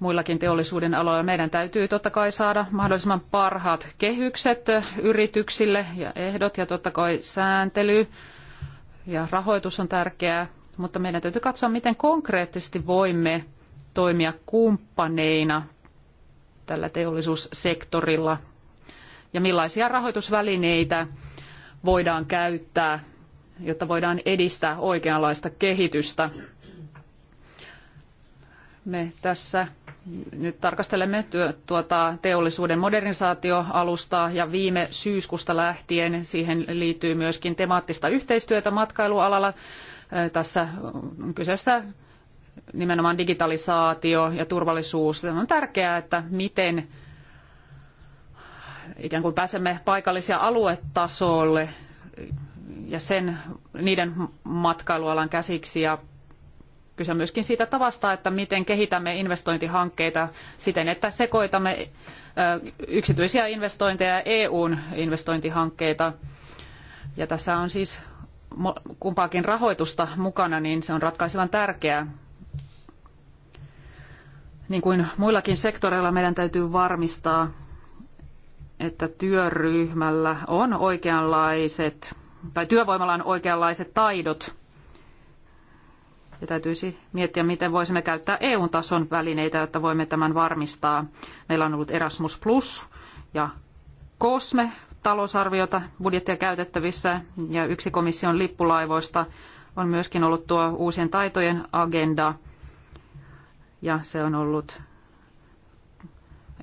muillakin teollisuuden aloilla. Meidän täytyy totta kai saada mahdollisimman parhaat kehykset yrityksille ja ehdot ja totta kai sääntely ja rahoitus on tärkeää, mutta meidän täytyy katsoa, miten konkreettisesti voimme toimia kumppaneina tällä teollisuussektorilla ja millaisia rahoitusvälineitä voidaan käyttää jotta voidaan edistää oikeanlaista kehitystä. Me tässä nyt tarkastelemme tuota, teollisuuden modernisaatioalustaa ja viime syyskuusta lähtien siihen liittyy myöskin temaattista yhteistyötä matkailualalla. Tässä on kyseessä nimenomaan digitalisaatio ja turvallisuus. On tärkeää, että miten ikään kuin pääsemme paikallisia aluetasolle ja sen, niiden matkailualan käsiksi ja kyse on myöskin siitä tavasta, että miten kehitämme investointihankkeita siten, että sekoitamme yksityisiä investointeja ja EUn investointihankkeita. Ja tässä on siis kumpaakin rahoitusta mukana, niin se on ratkaisevan tärkeää. Niin kuin muillakin sektoreilla meidän täytyy varmistaa, että työryhmällä on oikeanlaiset tai työvoimalla on oikeanlaiset taidot. Ja täytyisi miettiä, miten voisimme käyttää EU-tason välineitä, jotta voimme tämän varmistaa. Meillä on ollut Erasmus Plus ja Kosme talousarviota budjettia käytettävissä ja yksi komission lippulaivoista on myöskin ollut tuo uusien taitojen agenda ja se on ollut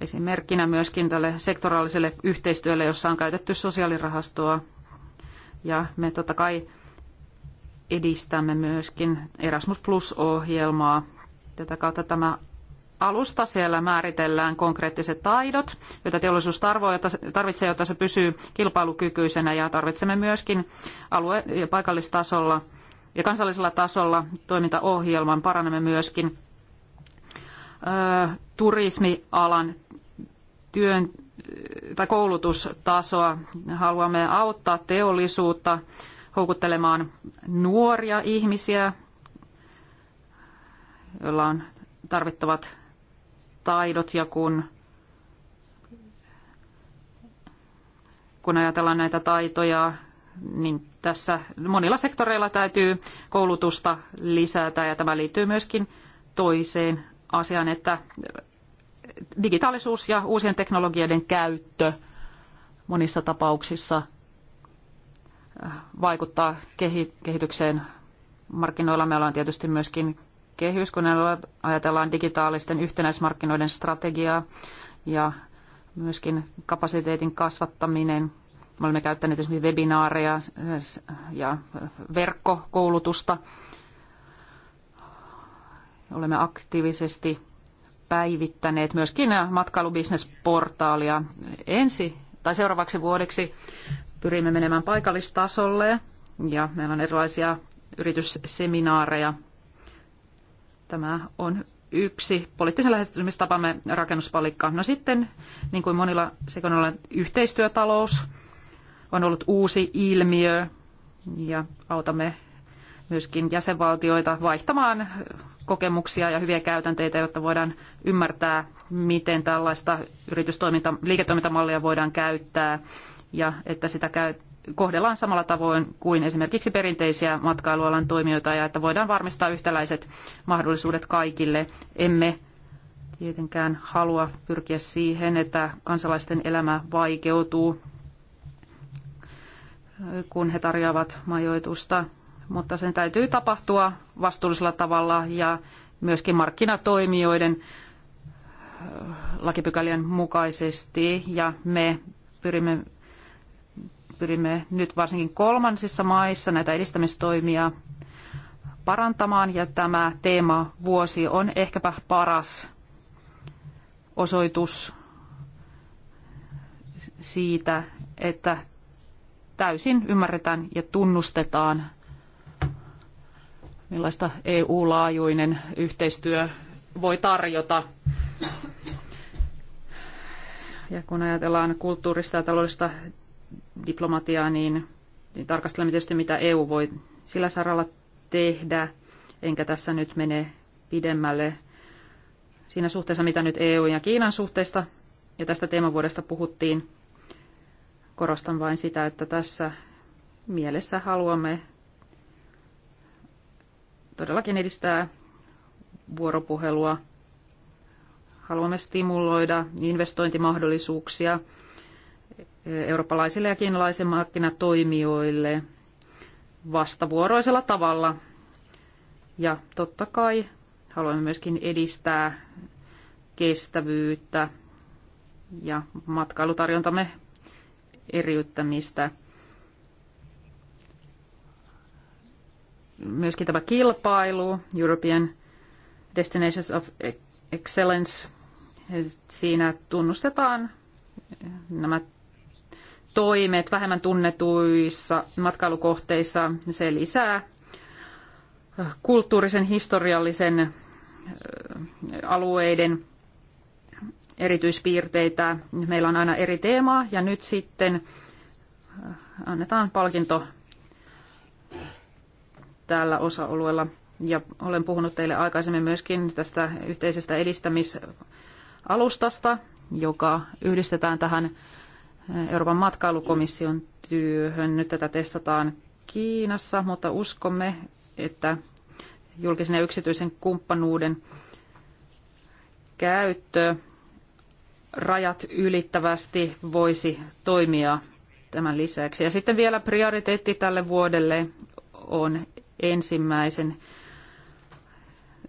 esimerkkinä myöskin tälle sektoraaliselle yhteistyölle, jossa on käytetty sosiaalirahastoa ja me totta kai edistämme myöskin Erasmus Plus-ohjelmaa. Tätä kautta tämä alusta siellä määritellään konkreettiset taidot, joita teollisuus tarvitsee, jotta se pysyy kilpailukykyisenä ja tarvitsemme myöskin alue- ja paikallistasolla ja kansallisella tasolla toimintaohjelman. Parannamme myöskin ö, turismialan työn, tai koulutustasoa. Haluamme auttaa teollisuutta houkuttelemaan nuoria ihmisiä, joilla on tarvittavat taidot ja kun, kun ajatellaan näitä taitoja, niin tässä monilla sektoreilla täytyy koulutusta lisätä ja tämä liittyy myöskin toiseen asiaan, että digitaalisuus ja uusien teknologioiden käyttö monissa tapauksissa äh, vaikuttaa kehitykseen markkinoilla. Meillä on tietysti myöskin kehys, kun ajatellaan digitaalisten yhtenäismarkkinoiden strategiaa ja myöskin kapasiteetin kasvattaminen. Me olemme käyttäneet esimerkiksi webinaareja ja verkkokoulutusta. Olemme aktiivisesti päivittäneet myöskin matkailubisnesportaalia ensi tai seuraavaksi vuodeksi pyrimme menemään paikallistasolle ja meillä on erilaisia yritysseminaareja. Tämä on yksi poliittisen lähestymistapamme rakennuspalikka. No sitten, niin kuin monilla sekunnilla, yhteistyötalous on ollut uusi ilmiö ja autamme myöskin jäsenvaltioita vaihtamaan kokemuksia ja hyviä käytänteitä, jotta voidaan ymmärtää, miten tällaista yritystoiminta, liiketoimintamallia voidaan käyttää ja että sitä käy, kohdellaan samalla tavoin kuin esimerkiksi perinteisiä matkailualan toimijoita ja että voidaan varmistaa yhtäläiset mahdollisuudet kaikille. Emme tietenkään halua pyrkiä siihen, että kansalaisten elämä vaikeutuu, kun he tarjoavat majoitusta mutta sen täytyy tapahtua vastuullisella tavalla ja myöskin markkinatoimijoiden äh, lakipykälien mukaisesti ja me pyrimme, pyrimme nyt varsinkin kolmansissa maissa näitä edistämistoimia parantamaan ja tämä teema vuosi on ehkäpä paras osoitus siitä, että täysin ymmärretään ja tunnustetaan millaista EU-laajuinen yhteistyö voi tarjota. Ja kun ajatellaan kulttuurista ja taloudellista diplomatiaa, niin, niin tarkastelemme tietysti, mitä EU voi sillä saralla tehdä, enkä tässä nyt mene pidemmälle siinä suhteessa, mitä nyt EU ja Kiinan suhteesta ja tästä teemavuodesta puhuttiin. Korostan vain sitä, että tässä mielessä haluamme todellakin edistää vuoropuhelua. Haluamme stimuloida investointimahdollisuuksia eurooppalaisille ja kiinalaisille markkinatoimijoille vastavuoroisella tavalla. Ja totta kai haluamme myöskin edistää kestävyyttä ja matkailutarjontamme eriyttämistä. myöskin tämä kilpailu, European Destinations of Excellence, siinä tunnustetaan nämä toimet vähemmän tunnetuissa matkailukohteissa. Se lisää kulttuurisen, historiallisen alueiden erityispiirteitä. Meillä on aina eri teemaa ja nyt sitten annetaan palkinto täällä osa-alueella. Ja olen puhunut teille aikaisemmin myöskin tästä yhteisestä edistämisalustasta, joka yhdistetään tähän eh, Euroopan matkailukomission työhön. Nyt tätä testataan Kiinassa, mutta uskomme, että julkisen ja yksityisen kumppanuuden käyttö rajat ylittävästi voisi toimia tämän lisäksi. Ja sitten vielä prioriteetti tälle vuodelle on ensimmäisen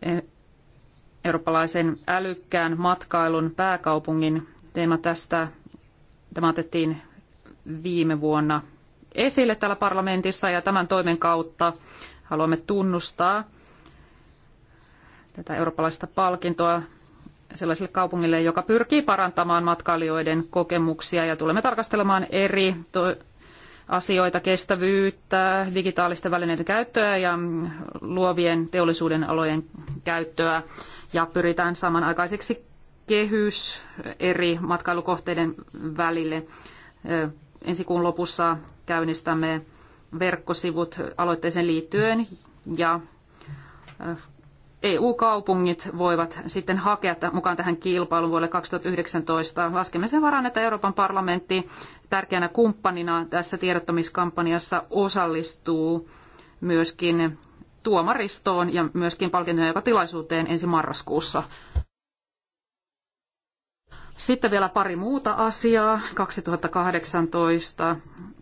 eh, eurooppalaisen älykkään matkailun pääkaupungin teema tästä. Tämä otettiin viime vuonna esille täällä parlamentissa ja tämän toimen kautta haluamme tunnustaa tätä eurooppalaista palkintoa sellaiselle kaupungille, joka pyrkii parantamaan matkailijoiden kokemuksia ja tulemme tarkastelemaan eri asioita, kestävyyttä, digitaalisten välineiden käyttöä ja luovien teollisuuden alojen käyttöä ja pyritään samanaikaiseksi kehys eri matkailukohteiden välille. Ensi kuun lopussa käynnistämme verkkosivut aloitteeseen liittyen ja EU-kaupungit voivat sitten hakea mukaan tähän kilpailuun vuodelle 2019. Laskemme sen varan, että Euroopan parlamentti tärkeänä kumppanina tässä tiedottamiskampanjassa osallistuu myöskin tuomaristoon ja myöskin palkintojen tilaisuuteen ensi marraskuussa. Sitten vielä pari muuta asiaa. 2018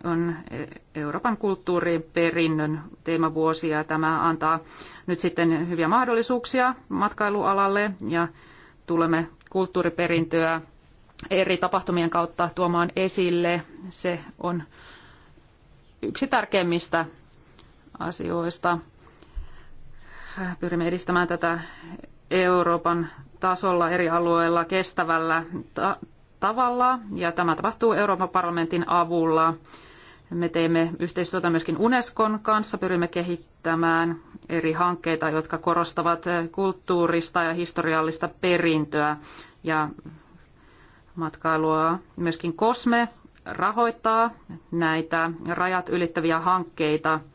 on e- Euroopan kulttuuriperinnön teemavuosi ja tämä antaa nyt sitten hyviä mahdollisuuksia matkailualalle ja tulemme kulttuuriperintöä eri tapahtumien kautta tuomaan esille. Se on yksi tärkeimmistä asioista. Pyrimme edistämään tätä Euroopan tasolla eri alueilla kestävällä ta- tavalla ja tämä tapahtuu Euroopan parlamentin avulla. Me teemme yhteistyötä myöskin Unescon kanssa, pyrimme kehittämään eri hankkeita, jotka korostavat kulttuurista ja historiallista perintöä ja matkailua. Myöskin Kosme rahoittaa näitä rajat ylittäviä hankkeita –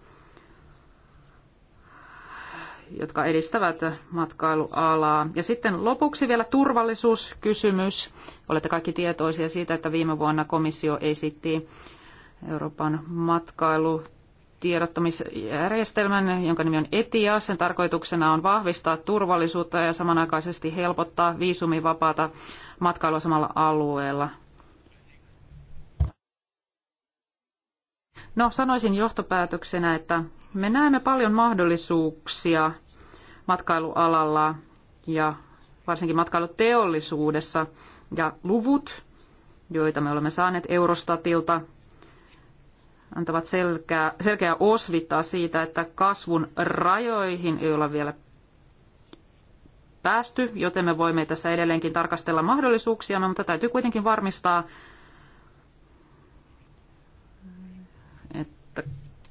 jotka edistävät matkailualaa. Ja sitten lopuksi vielä turvallisuuskysymys. Olette kaikki tietoisia siitä, että viime vuonna komissio esitti Euroopan matkailu tiedottamisjärjestelmän, jonka nimi on ETIA. Sen tarkoituksena on vahvistaa turvallisuutta ja samanaikaisesti helpottaa viisumivapaata matkailua samalla alueella. No, sanoisin johtopäätöksenä, että me näemme paljon mahdollisuuksia matkailualalla ja varsinkin matkailuteollisuudessa. Ja luvut, joita me olemme saaneet Eurostatilta, antavat selkeää, selkeää osvittaa siitä, että kasvun rajoihin ei olla vielä päästy, joten me voimme tässä edelleenkin tarkastella mahdollisuuksia, mutta täytyy kuitenkin varmistaa,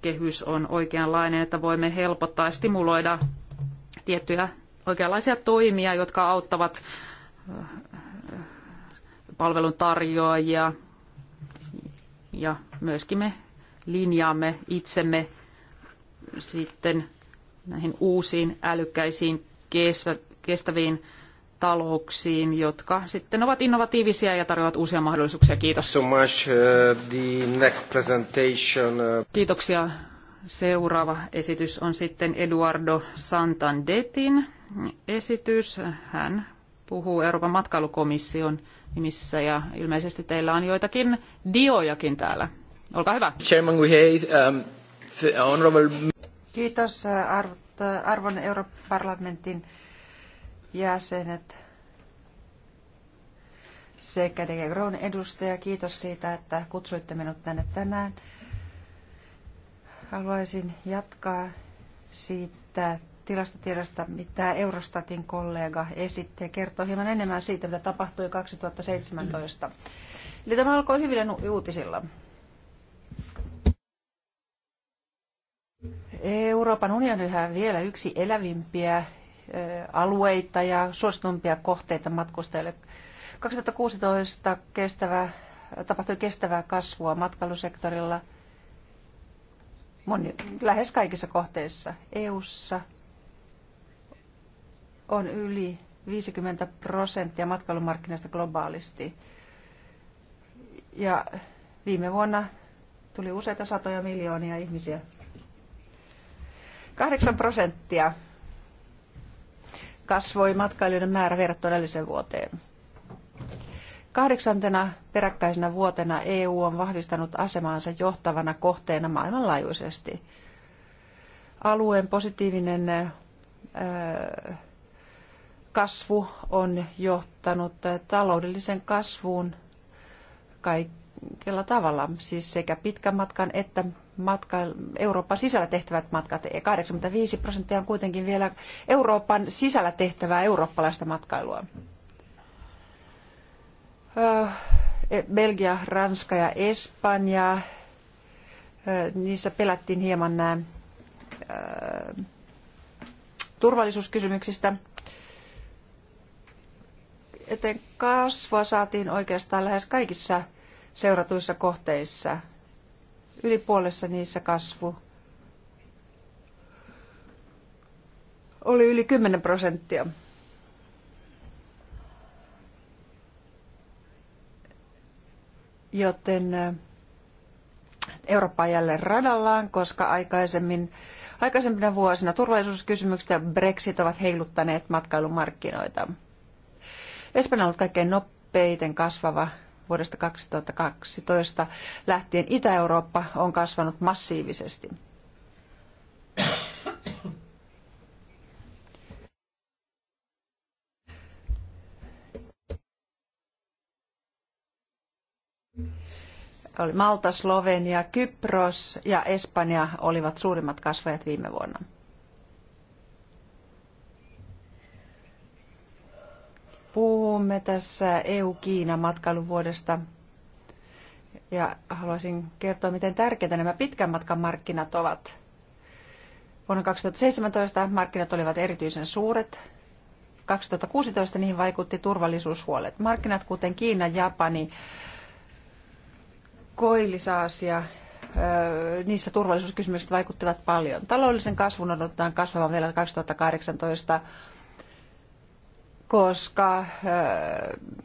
kehys on oikeanlainen, että voimme helpottaa ja stimuloida tiettyjä oikeanlaisia toimia, jotka auttavat äh, palvelun tarjoajia ja myöskin me linjaamme itsemme sitten näihin uusiin älykkäisiin kestäviin talouksiin, jotka sitten ovat innovatiivisia ja tarjoavat uusia mahdollisuuksia. Kiitos. So much, uh, the next presentation. Uh, Kiitoksia. Seuraava esitys on sitten Eduardo Santandetin esitys. Hän puhuu Euroopan matkailukomission nimissä ja ilmeisesti teillä on joitakin diojakin täällä. Olkaa hyvä. Chairman um, Kiitos arvon Euroopan parlamentin jäsenet sekä De Gron edustaja. Kiitos siitä, että kutsuitte minut tänne tänään. Haluaisin jatkaa siitä tilastotiedosta, mitä Eurostatin kollega esitti ja kertoo hieman enemmän siitä, mitä tapahtui 2017. Eli tämä alkoi hyvillä uutisilla. Euroopan unioni on yhä vielä yksi elävimpiä alueita ja suositumpia kohteita matkustajille. 2016 kestävä, tapahtui kestävää kasvua matkailusektorilla moni, lähes kaikissa kohteissa. EU:ssa on yli 50 prosenttia matkailumarkkinoista globaalisti. Ja viime vuonna tuli useita satoja miljoonia ihmisiä. 8 prosenttia kasvoi matkailijoiden määrä verrattuna edelliseen vuoteen. Kahdeksantena peräkkäisenä vuotena EU on vahvistanut asemaansa johtavana kohteena maailmanlaajuisesti. Alueen positiivinen kasvu on johtanut taloudellisen kasvuun kaikilla tavalla, siis sekä pitkän matkan että Matka Euroopan sisällä tehtävät matkat. 85 e, prosenttia on kuitenkin vielä Euroopan sisällä tehtävää eurooppalaista matkailua. E, Belgia, Ranska ja Espanja, niissä pelättiin hieman nämä turvallisuuskysymyksistä. Joten kasvua saatiin oikeastaan lähes kaikissa seuratuissa kohteissa. Yli puolessa niissä kasvu oli yli 10 prosenttia. Joten Eurooppa on jälleen radallaan, koska aikaisemmin, aikaisempina vuosina turvallisuuskysymykset ja Brexit ovat heiluttaneet matkailumarkkinoita. Espanja on ollut kaikkein nopeiten kasvava vuodesta 2012 lähtien Itä-Eurooppa on kasvanut massiivisesti. Malta, Slovenia, Kypros ja Espanja olivat suurimmat kasvajat viime vuonna. puhumme tässä EU-Kiina-matkailuvuodesta. Ja haluaisin kertoa, miten tärkeitä nämä pitkän matkan markkinat ovat. Vuonna 2017 markkinat olivat erityisen suuret. 2016 niihin vaikutti turvallisuushuolet. Markkinat kuten Kiina, Japani, Koillisaasia, niissä turvallisuuskysymykset vaikuttivat paljon. Taloudellisen kasvun odotetaan kasvavan vielä 2018 koska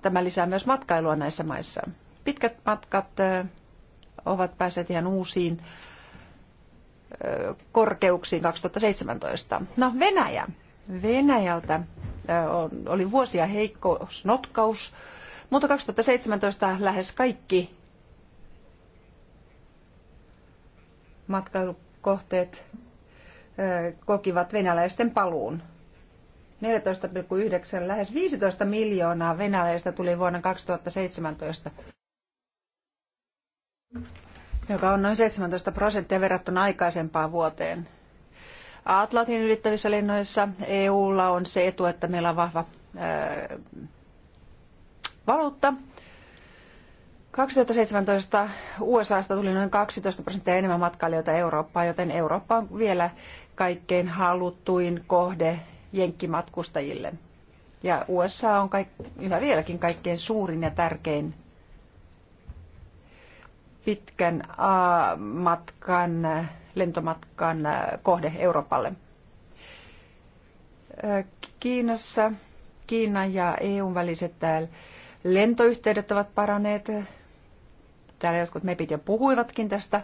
tämä lisää myös matkailua näissä maissa. Pitkät matkat ovat päässeet ihan uusiin korkeuksiin 2017. No Venäjä. Venäjältä oli vuosia heikko notkaus, mutta 2017 lähes kaikki matkailukohteet kokivat venäläisten paluun 14,9, lähes 15 miljoonaa venäläistä tuli vuonna 2017, joka on noin 17 prosenttia verrattuna aikaisempaan vuoteen. Atlantin ylittävissä lennoissa EUlla on se etu, että meillä on vahva ää, valuutta. 2017 USAsta tuli noin 12 prosenttia enemmän matkailijoita Eurooppaan, joten Eurooppa on vielä kaikkein haluttuin kohde jenkkimatkustajille. Ja USA on kaik- yhä vieläkin kaikkein suurin ja tärkein pitkän matkan, lentomatkan kohde Euroopalle. Kiinassa Kiinan ja EUn väliset lentoyhteydet ovat paraneet. Täällä jotkut mepit jo puhuivatkin tästä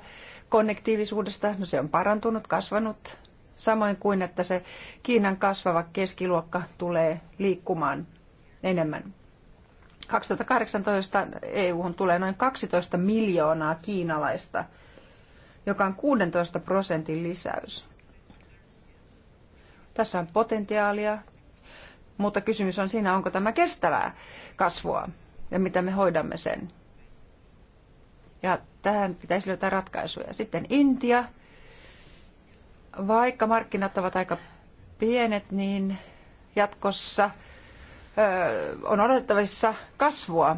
konnektiivisuudesta. No se on parantunut, kasvanut samoin kuin että se Kiinan kasvava keskiluokka tulee liikkumaan enemmän. 2018 EU:hun tulee noin 12 miljoonaa kiinalaista, joka on 16 prosentin lisäys. Tässä on potentiaalia, mutta kysymys on siinä, onko tämä kestävää kasvua ja mitä me hoidamme sen. Ja tähän pitäisi löytää ratkaisuja. Sitten Intia, vaikka markkinat ovat aika pienet, niin jatkossa on odotettavissa kasvua.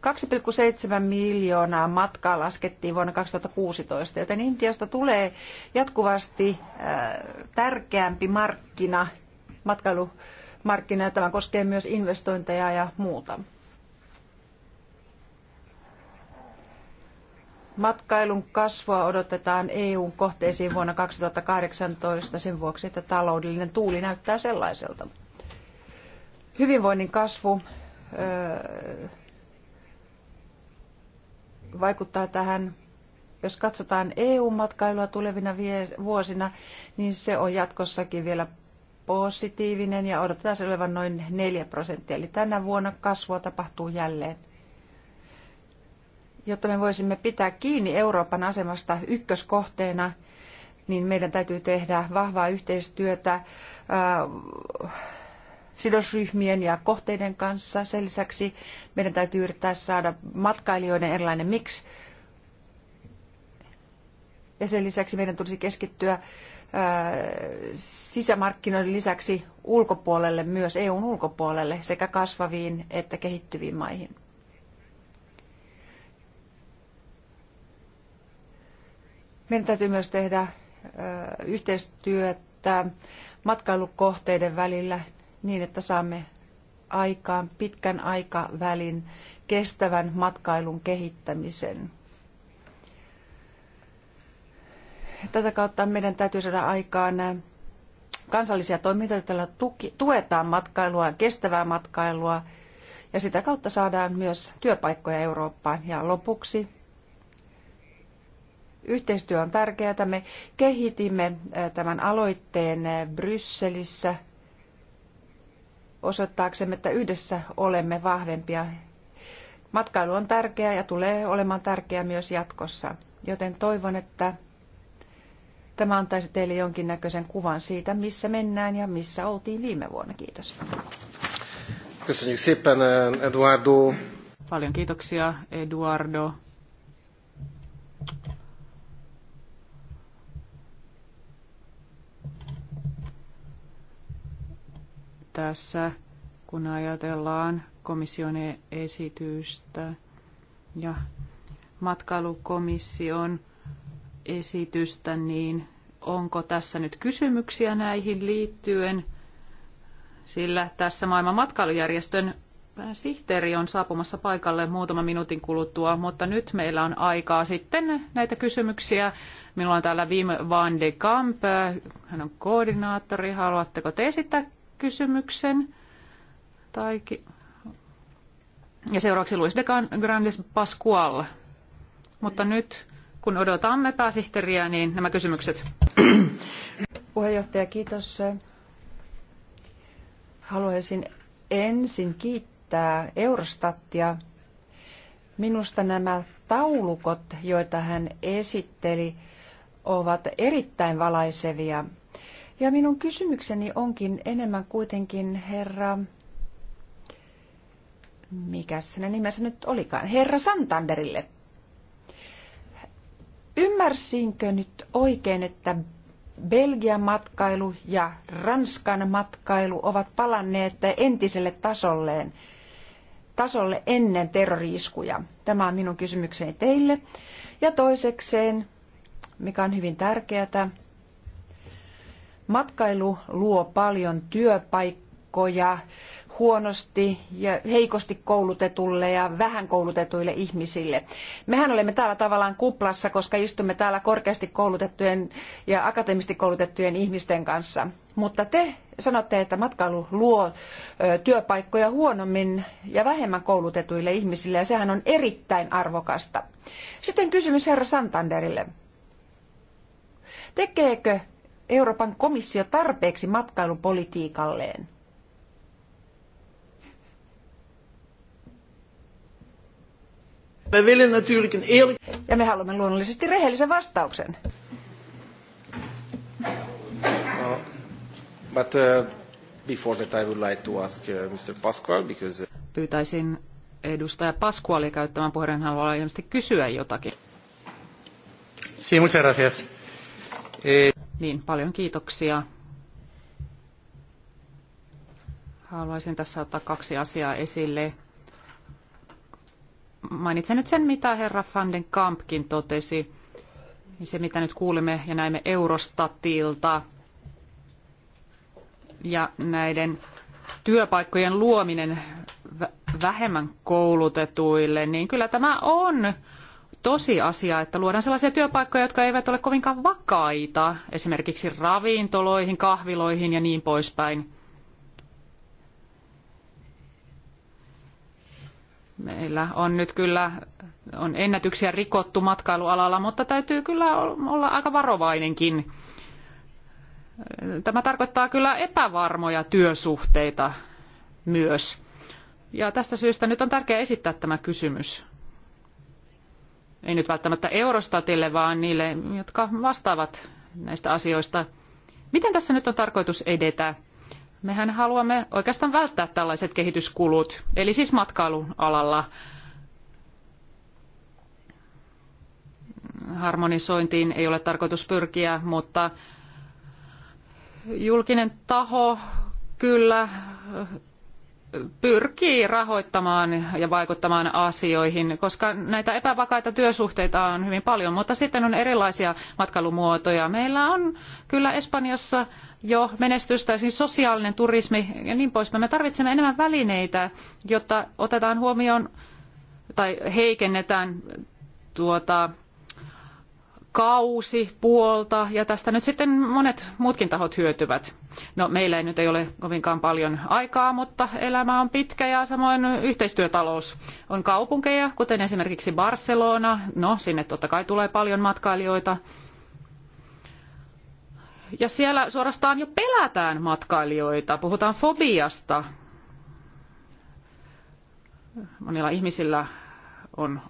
2,7 miljoonaa matkaa laskettiin vuonna 2016, joten Intiasta tulee jatkuvasti tärkeämpi markkina, matkailumarkkina, ja tämä koskee myös investointeja ja muuta. Matkailun kasvua odotetaan EUn kohteisiin vuonna 2018 sen vuoksi, että taloudellinen tuuli näyttää sellaiselta. Hyvinvoinnin kasvu öö, vaikuttaa tähän jos katsotaan EU-matkailua tulevina vuosina, niin se on jatkossakin vielä positiivinen ja odotetaan se olevan noin 4 prosenttia. Eli tänä vuonna kasvua tapahtuu jälleen jotta me voisimme pitää kiinni Euroopan asemasta ykköskohteena, niin meidän täytyy tehdä vahvaa yhteistyötä äh, sidosryhmien ja kohteiden kanssa. Sen lisäksi meidän täytyy yrittää saada matkailijoiden erilainen mix. Ja sen lisäksi meidän tulisi keskittyä äh, sisämarkkinoiden lisäksi ulkopuolelle myös EUn ulkopuolelle sekä kasvaviin että kehittyviin maihin. Meidän täytyy myös tehdä yhteistyötä matkailukohteiden välillä niin, että saamme aikaan pitkän aikavälin kestävän matkailun kehittämisen. Tätä kautta meidän täytyy saada aikaan kansallisia toimintoja, joilla tuetaan matkailua, kestävää matkailua, ja sitä kautta saadaan myös työpaikkoja Eurooppaan. Ja lopuksi Yhteistyö on tärkeää. Me kehitimme tämän aloitteen Brysselissä osoittaaksemme, että yhdessä olemme vahvempia. Matkailu on tärkeää ja tulee olemaan tärkeää myös jatkossa, joten toivon, että tämä antaisi teille jonkinnäköisen kuvan siitä, missä mennään ja missä oltiin viime vuonna. Kiitos. Eduardo. Paljon kiitoksia, Eduardo. tässä, kun ajatellaan komission esitystä ja matkailukomission esitystä, niin onko tässä nyt kysymyksiä näihin liittyen? Sillä tässä maailman matkailujärjestön sihteeri on saapumassa paikalle muutaman minuutin kuluttua, mutta nyt meillä on aikaa sitten näitä kysymyksiä. Minulla on täällä Wim van de Kamp, hän on koordinaattori. Haluatteko te esittää kysymyksen. Taiki. Ja seuraavaksi Luis de Grandes Pascual. Mutta nyt, kun odotamme pääsihteeriä, niin nämä kysymykset. Puheenjohtaja, kiitos. Haluaisin ensin kiittää Eurostatia. Minusta nämä taulukot, joita hän esitteli, ovat erittäin valaisevia ja minun kysymykseni onkin enemmän kuitenkin herra, mikä sinä nimessä nyt olikaan, herra Santanderille. Ymmärsinkö nyt oikein, että Belgian matkailu ja Ranskan matkailu ovat palanneet entiselle tasolleen, tasolle ennen terroriiskuja? Tämä on minun kysymykseni teille. Ja toisekseen, mikä on hyvin tärkeää, Matkailu luo paljon työpaikkoja huonosti ja heikosti koulutetulle ja vähän koulutetuille ihmisille. Mehän olemme täällä tavallaan kuplassa, koska istumme täällä korkeasti koulutettujen ja akateemisesti koulutettujen ihmisten kanssa. Mutta te sanotte, että matkailu luo työpaikkoja huonommin ja vähemmän koulutetuille ihmisille, ja sehän on erittäin arvokasta. Sitten kysymys herra Santanderille. Tekeekö Euroopan komissio tarpeeksi matkailupolitiikalleen? Ja me haluamme luonnollisesti rehellisen vastauksen. Uh, uh, uh- Pyytäisin edustaja Pasqualia käyttämään puheen, haluaa ilmeisesti kysyä jotakin. Sí, muchas gracias. Eh, niin, paljon kiitoksia. Haluaisin tässä ottaa kaksi asiaa esille. Mainitsen nyt sen, mitä herra Van den Kampkin totesi. Se, mitä nyt kuulemme ja näemme Eurostatilta ja näiden työpaikkojen luominen vähemmän koulutetuille, niin kyllä tämä on tosiasia, että luodaan sellaisia työpaikkoja, jotka eivät ole kovinkaan vakaita, esimerkiksi ravintoloihin, kahviloihin ja niin poispäin. Meillä on nyt kyllä on ennätyksiä rikottu matkailualalla, mutta täytyy kyllä olla aika varovainenkin. Tämä tarkoittaa kyllä epävarmoja työsuhteita myös. Ja tästä syystä nyt on tärkeää esittää tämä kysymys ei nyt välttämättä Eurostatille, vaan niille, jotka vastaavat näistä asioista. Miten tässä nyt on tarkoitus edetä? Mehän haluamme oikeastaan välttää tällaiset kehityskulut, eli siis matkailun alalla. Harmonisointiin ei ole tarkoitus pyrkiä, mutta julkinen taho kyllä pyrkii rahoittamaan ja vaikuttamaan asioihin, koska näitä epävakaita työsuhteita on hyvin paljon, mutta sitten on erilaisia matkailumuotoja. Meillä on kyllä Espanjassa jo menestystä, siis sosiaalinen turismi ja niin poispäin. Me tarvitsemme enemmän välineitä, jotta otetaan huomioon tai heikennetään tuota, kausi puolta ja tästä nyt sitten monet muutkin tahot hyötyvät. No meillä ei nyt ei ole kovinkaan paljon aikaa, mutta elämä on pitkä ja samoin yhteistyötalous on kaupunkeja, kuten esimerkiksi Barcelona. No sinne totta kai tulee paljon matkailijoita. Ja siellä suorastaan jo pelätään matkailijoita, puhutaan fobiasta. Monilla ihmisillä on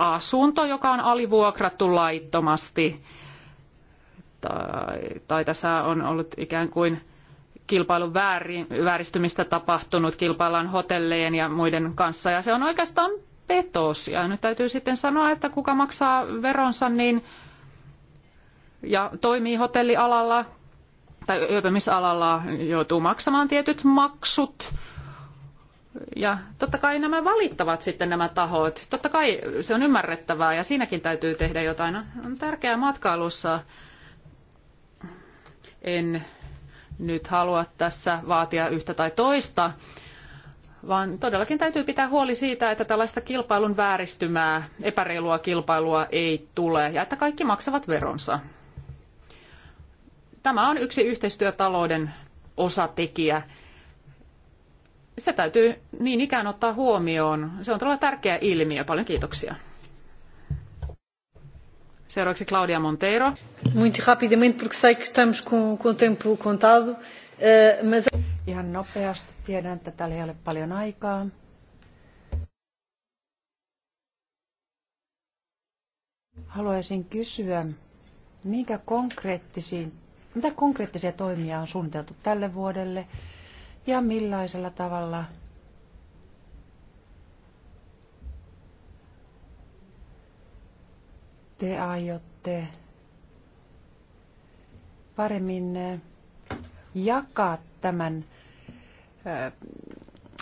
asunto, joka on alivuokrattu laittomasti. Tai, tai tässä on ollut ikään kuin kilpailun vääristymistä tapahtunut, kilpaillaan hotelleen ja muiden kanssa. Ja se on oikeastaan petos. Ja nyt täytyy sitten sanoa, että kuka maksaa veronsa, niin ja toimii hotellialalla tai yöpymisalalla, joutuu maksamaan tietyt maksut ja totta kai nämä valittavat sitten nämä tahot. Totta kai se on ymmärrettävää ja siinäkin täytyy tehdä jotain. On tärkeää matkailussa. En nyt halua tässä vaatia yhtä tai toista, vaan todellakin täytyy pitää huoli siitä, että tällaista kilpailun vääristymää, epäreilua kilpailua ei tule ja että kaikki maksavat veronsa. Tämä on yksi yhteistyötalouden osatekijä se täytyy niin ikään ottaa huomioon. Se on todella tärkeä ilmiö. Paljon kiitoksia. Seuraavaksi Claudia Monteiro. Muito rapidamente, porque sei que estamos com, com tempo contado. Eh, Ihan nopeasti tiedän, että täällä ei ole paljon aikaa. Haluaisin kysyä, minkä konkreettisiin, mitä konkreettisia toimia on suunniteltu tälle vuodelle – ja millaisella tavalla te aiotte paremmin eh, jakaa tämän eh,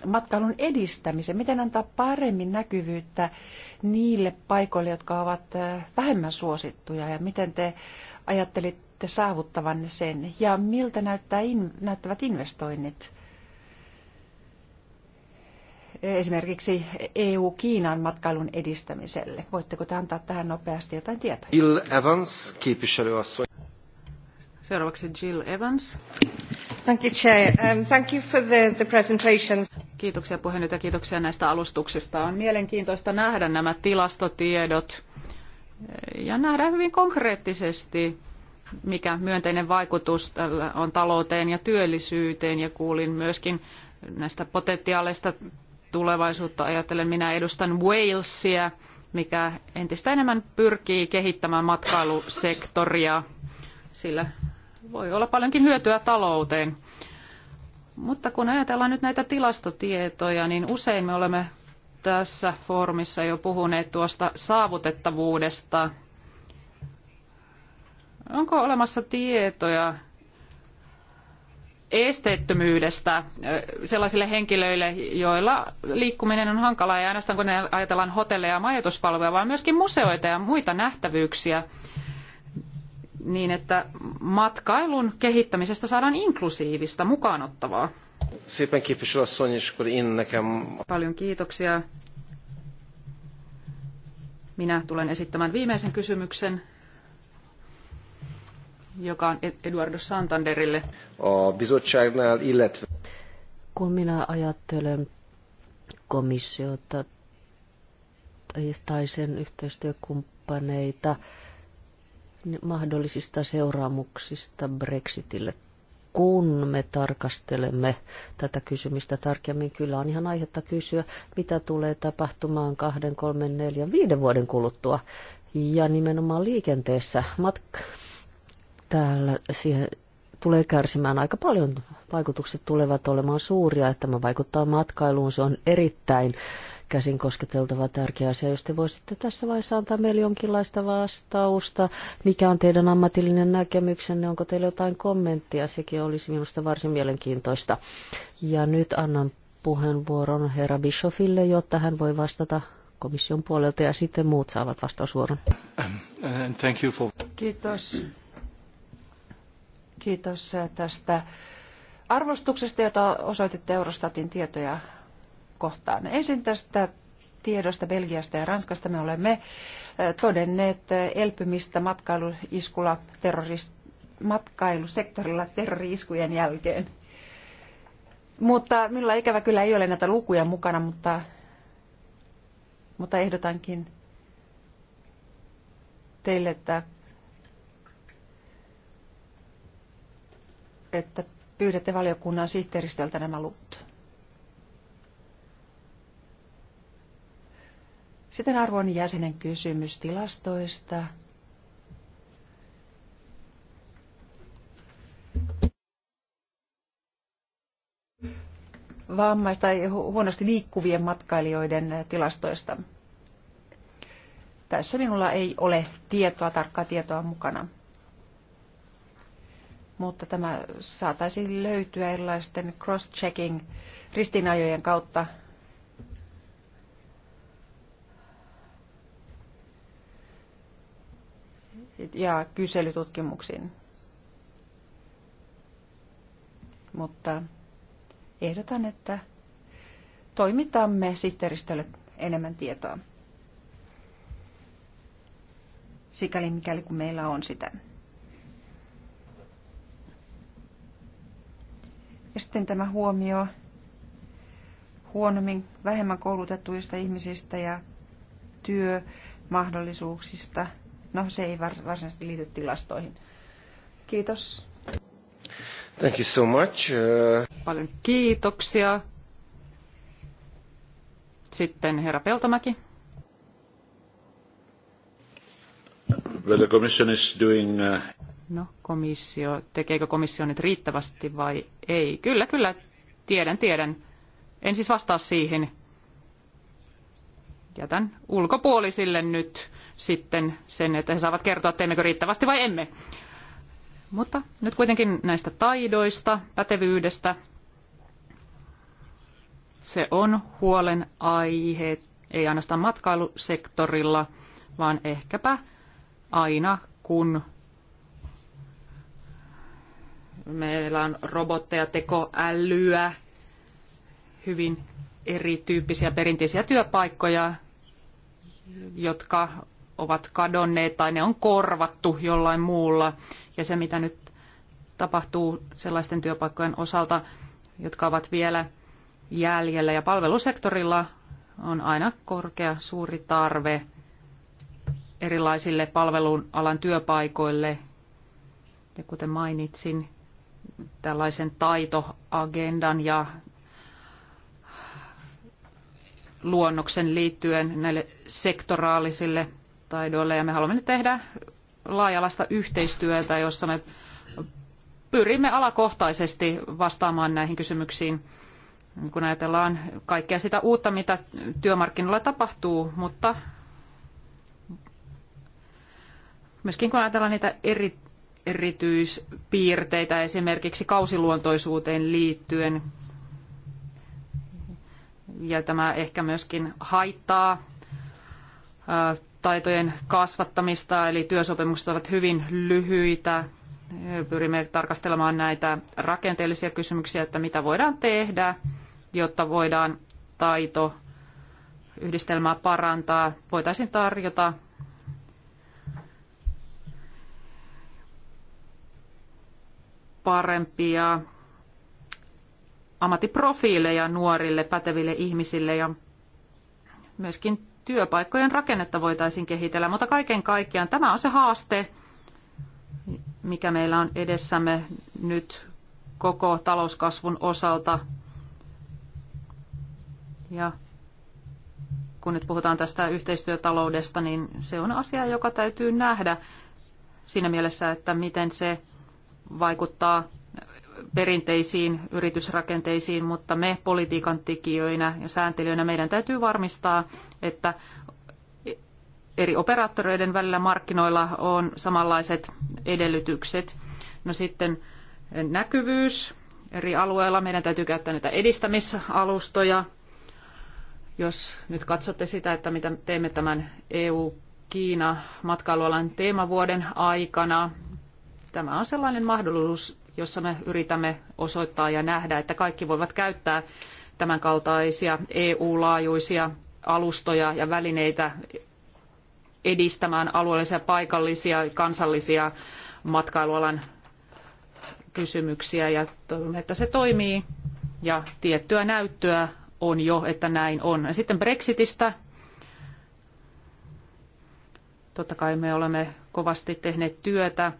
matkailun edistämisen? Miten antaa paremmin näkyvyyttä niille paikoille, jotka ovat eh, vähemmän suosittuja ja miten te ajattelitte saavuttavanne sen ja miltä näyttää in, näyttävät investoinnit? esimerkiksi EU-Kiinan matkailun edistämiselle? Voitteko te antaa tähän nopeasti jotain tietoja? Jill Evans, Seuraavaksi Jill Evans. Thank you, Chair. Um, thank you for the, the presentation. Kiitoksia puheenjohtaja, kiitoksia näistä alustuksista. On mielenkiintoista nähdä nämä tilastotiedot ja nähdä hyvin konkreettisesti, mikä myönteinen vaikutus tällä on talouteen ja työllisyyteen. Ja kuulin myöskin näistä potentiaalista tulevaisuutta ajatellen. Minä edustan Walesia, mikä entistä enemmän pyrkii kehittämään matkailusektoria, sillä voi olla paljonkin hyötyä talouteen. Mutta kun ajatellaan nyt näitä tilastotietoja, niin usein me olemme tässä foorumissa jo puhuneet tuosta saavutettavuudesta. Onko olemassa tietoja esteettömyydestä sellaisille henkilöille, joilla liikkuminen on hankalaa, ja ainoastaan kun ne ajatellaan hotelleja ja majoituspalveluja, vaan myöskin museoita ja muita nähtävyyksiä, niin että matkailun kehittämisestä saadaan inklusiivista, mukaanottavaa. Paljon kiitoksia. Minä tulen esittämään viimeisen kysymyksen joka on Eduardo Santanderille. Kun minä ajattelen komissiota tai sen yhteistyökumppaneita niin mahdollisista seuraamuksista Brexitille, kun me tarkastelemme tätä kysymystä tarkemmin, kyllä on ihan aihetta kysyä, mitä tulee tapahtumaan kahden, kolmen, neljän, viiden vuoden kuluttua ja nimenomaan liikenteessä, matk- täällä siihen tulee kärsimään aika paljon. Vaikutukset tulevat olemaan suuria, että tämä vaikuttaa matkailuun. Se on erittäin käsin kosketeltava tärkeä asia. Jos te voisitte tässä vaiheessa antaa meille jonkinlaista vastausta, mikä on teidän ammatillinen näkemyksenne, onko teillä jotain kommenttia, sekin olisi minusta varsin mielenkiintoista. Ja nyt annan puheenvuoron herra Bischofille, jotta hän voi vastata komission puolelta ja sitten muut saavat vastausvuoron. Kiitos Kiitos eh, tästä arvostuksesta, jota osoititte Eurostatin tietoja kohtaan. Ensin tästä tiedosta Belgiasta ja Ranskasta me olemme eh, todenneet eh, elpymistä matkailuiskulla terrorist, matkailusektorilla terroriiskujen jälkeen. Mutta minulla ikävä kyllä ei ole näitä lukuja mukana, mutta, mutta ehdotankin teille, että että pyydätte valiokunnan sihteeristöltä nämä luvut. Sitten arvon jäsenen kysymys tilastoista. Vammaista tai huonosti liikkuvien matkailijoiden tilastoista. Tässä minulla ei ole tietoa, tarkkaa tietoa mukana mutta tämä saataisiin löytyä erilaisten cross-checking ristinajojen kautta. ja kyselytutkimuksiin. Mutta ehdotan, että toimitamme sihteeristölle enemmän tietoa, sikäli mikäli kun meillä on sitä. Ja sitten tämä huomio huonommin, vähemmän koulutetuista ihmisistä ja työmahdollisuuksista. No, se ei varsinaisesti liity tilastoihin. Kiitos. Thank you so much. Uh, Paljon kiitoksia. Sitten herra Peltomäki. Well, the commission is doing, uh... No, komissio, tekeekö komissio nyt riittävästi vai ei? Kyllä, kyllä, tiedän, tiedän. En siis vastaa siihen. Jätän ulkopuolisille nyt sitten sen, että he saavat kertoa, teemmekö riittävästi vai emme. Mutta nyt kuitenkin näistä taidoista, pätevyydestä. Se on huolen aihe, ei ainoastaan matkailusektorilla, vaan ehkäpä aina kun Meillä on robotteja, tekoälyä, hyvin erityyppisiä perinteisiä työpaikkoja, jotka ovat kadonneet tai ne on korvattu jollain muulla. Ja se, mitä nyt tapahtuu sellaisten työpaikkojen osalta, jotka ovat vielä jäljellä. Ja palvelusektorilla on aina korkea suuri tarve erilaisille palvelun alan työpaikoille. Ja kuten mainitsin, tällaisen taitoagendan ja luonnoksen liittyen näille sektoraalisille taidoille. Ja me haluamme nyt tehdä laajalaista yhteistyötä, jossa me pyrimme alakohtaisesti vastaamaan näihin kysymyksiin, kun ajatellaan kaikkea sitä uutta, mitä työmarkkinoilla tapahtuu, mutta myöskin kun ajatellaan niitä eri erityispiirteitä esimerkiksi kausiluontoisuuteen liittyen. Ja tämä ehkä myöskin haittaa taitojen kasvattamista, eli työsopimukset ovat hyvin lyhyitä. Pyrimme tarkastelemaan näitä rakenteellisia kysymyksiä, että mitä voidaan tehdä, jotta voidaan taito yhdistelmää parantaa. Voitaisiin tarjota parempia ammattiprofiileja nuorille päteville ihmisille ja myöskin työpaikkojen rakennetta voitaisiin kehitellä. Mutta kaiken kaikkiaan tämä on se haaste, mikä meillä on edessämme nyt koko talouskasvun osalta. Ja kun nyt puhutaan tästä yhteistyötaloudesta, niin se on asia, joka täytyy nähdä siinä mielessä, että miten se vaikuttaa perinteisiin yritysrakenteisiin, mutta me politiikan tekijöinä ja sääntelijöinä meidän täytyy varmistaa, että eri operaattoreiden välillä markkinoilla on samanlaiset edellytykset. No sitten näkyvyys eri alueilla. Meidän täytyy käyttää näitä edistämisalustoja. Jos nyt katsotte sitä, että mitä teemme tämän EU-Kiina matkailualan teemavuoden aikana, Tämä on sellainen mahdollisuus, jossa me yritämme osoittaa ja nähdä, että kaikki voivat käyttää tämän kaltaisia EU-laajuisia alustoja ja välineitä edistämään alueellisia, paikallisia, kansallisia matkailualan kysymyksiä ja toivomme, että se toimii ja tiettyä näyttöä on jo, että näin on. Ja sitten Brexitistä. Totta kai me olemme kovasti tehneet työtä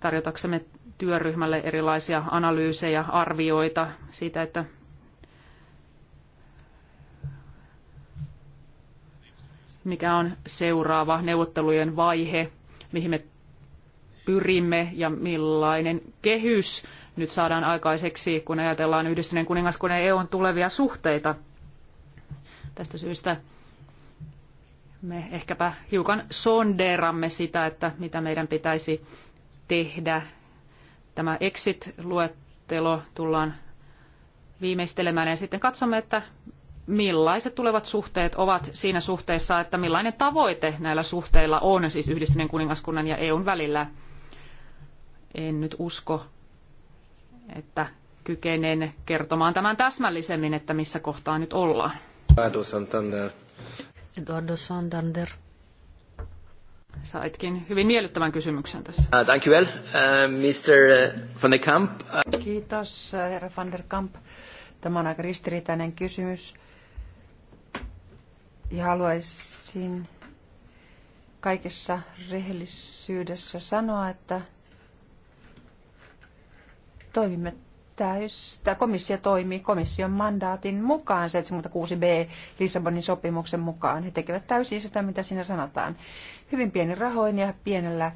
tarjotaksemme työryhmälle erilaisia analyysejä, arvioita siitä, että mikä on seuraava neuvottelujen vaihe, mihin me pyrimme ja millainen kehys nyt saadaan aikaiseksi, kun ajatellaan yhdistyneen kuningaskunnan ja EUn tulevia suhteita. Tästä syystä me ehkäpä hiukan sonderamme sitä, että mitä meidän pitäisi tehdä. Tämä exit-luettelo tullaan viimeistelemään ja sitten katsomme, että millaiset tulevat suhteet ovat siinä suhteessa, että millainen tavoite näillä suhteilla on, siis yhdistyneen kuningaskunnan ja EUn välillä. En nyt usko, että kykenen kertomaan tämän täsmällisemmin, että missä kohtaa nyt ollaan. Eduardo Santander. Eduardo Santander. Saitkin hyvin miellyttävän kysymyksen tässä. Ah, thank you well, uh, Mr. Uh, van der Kamp. Uh. Kiitos, herra van der Kamp. Tämä on aika ristiriitainen kysymys. Ja haluaisin kaikessa rehellisyydessä sanoa, että toimimme täys, tämä komissio toimii komission mandaatin mukaan, 76b Lissabonin sopimuksen mukaan. He tekevät täysin sitä, mitä siinä sanotaan. Hyvin pieni rahoin ja pienellä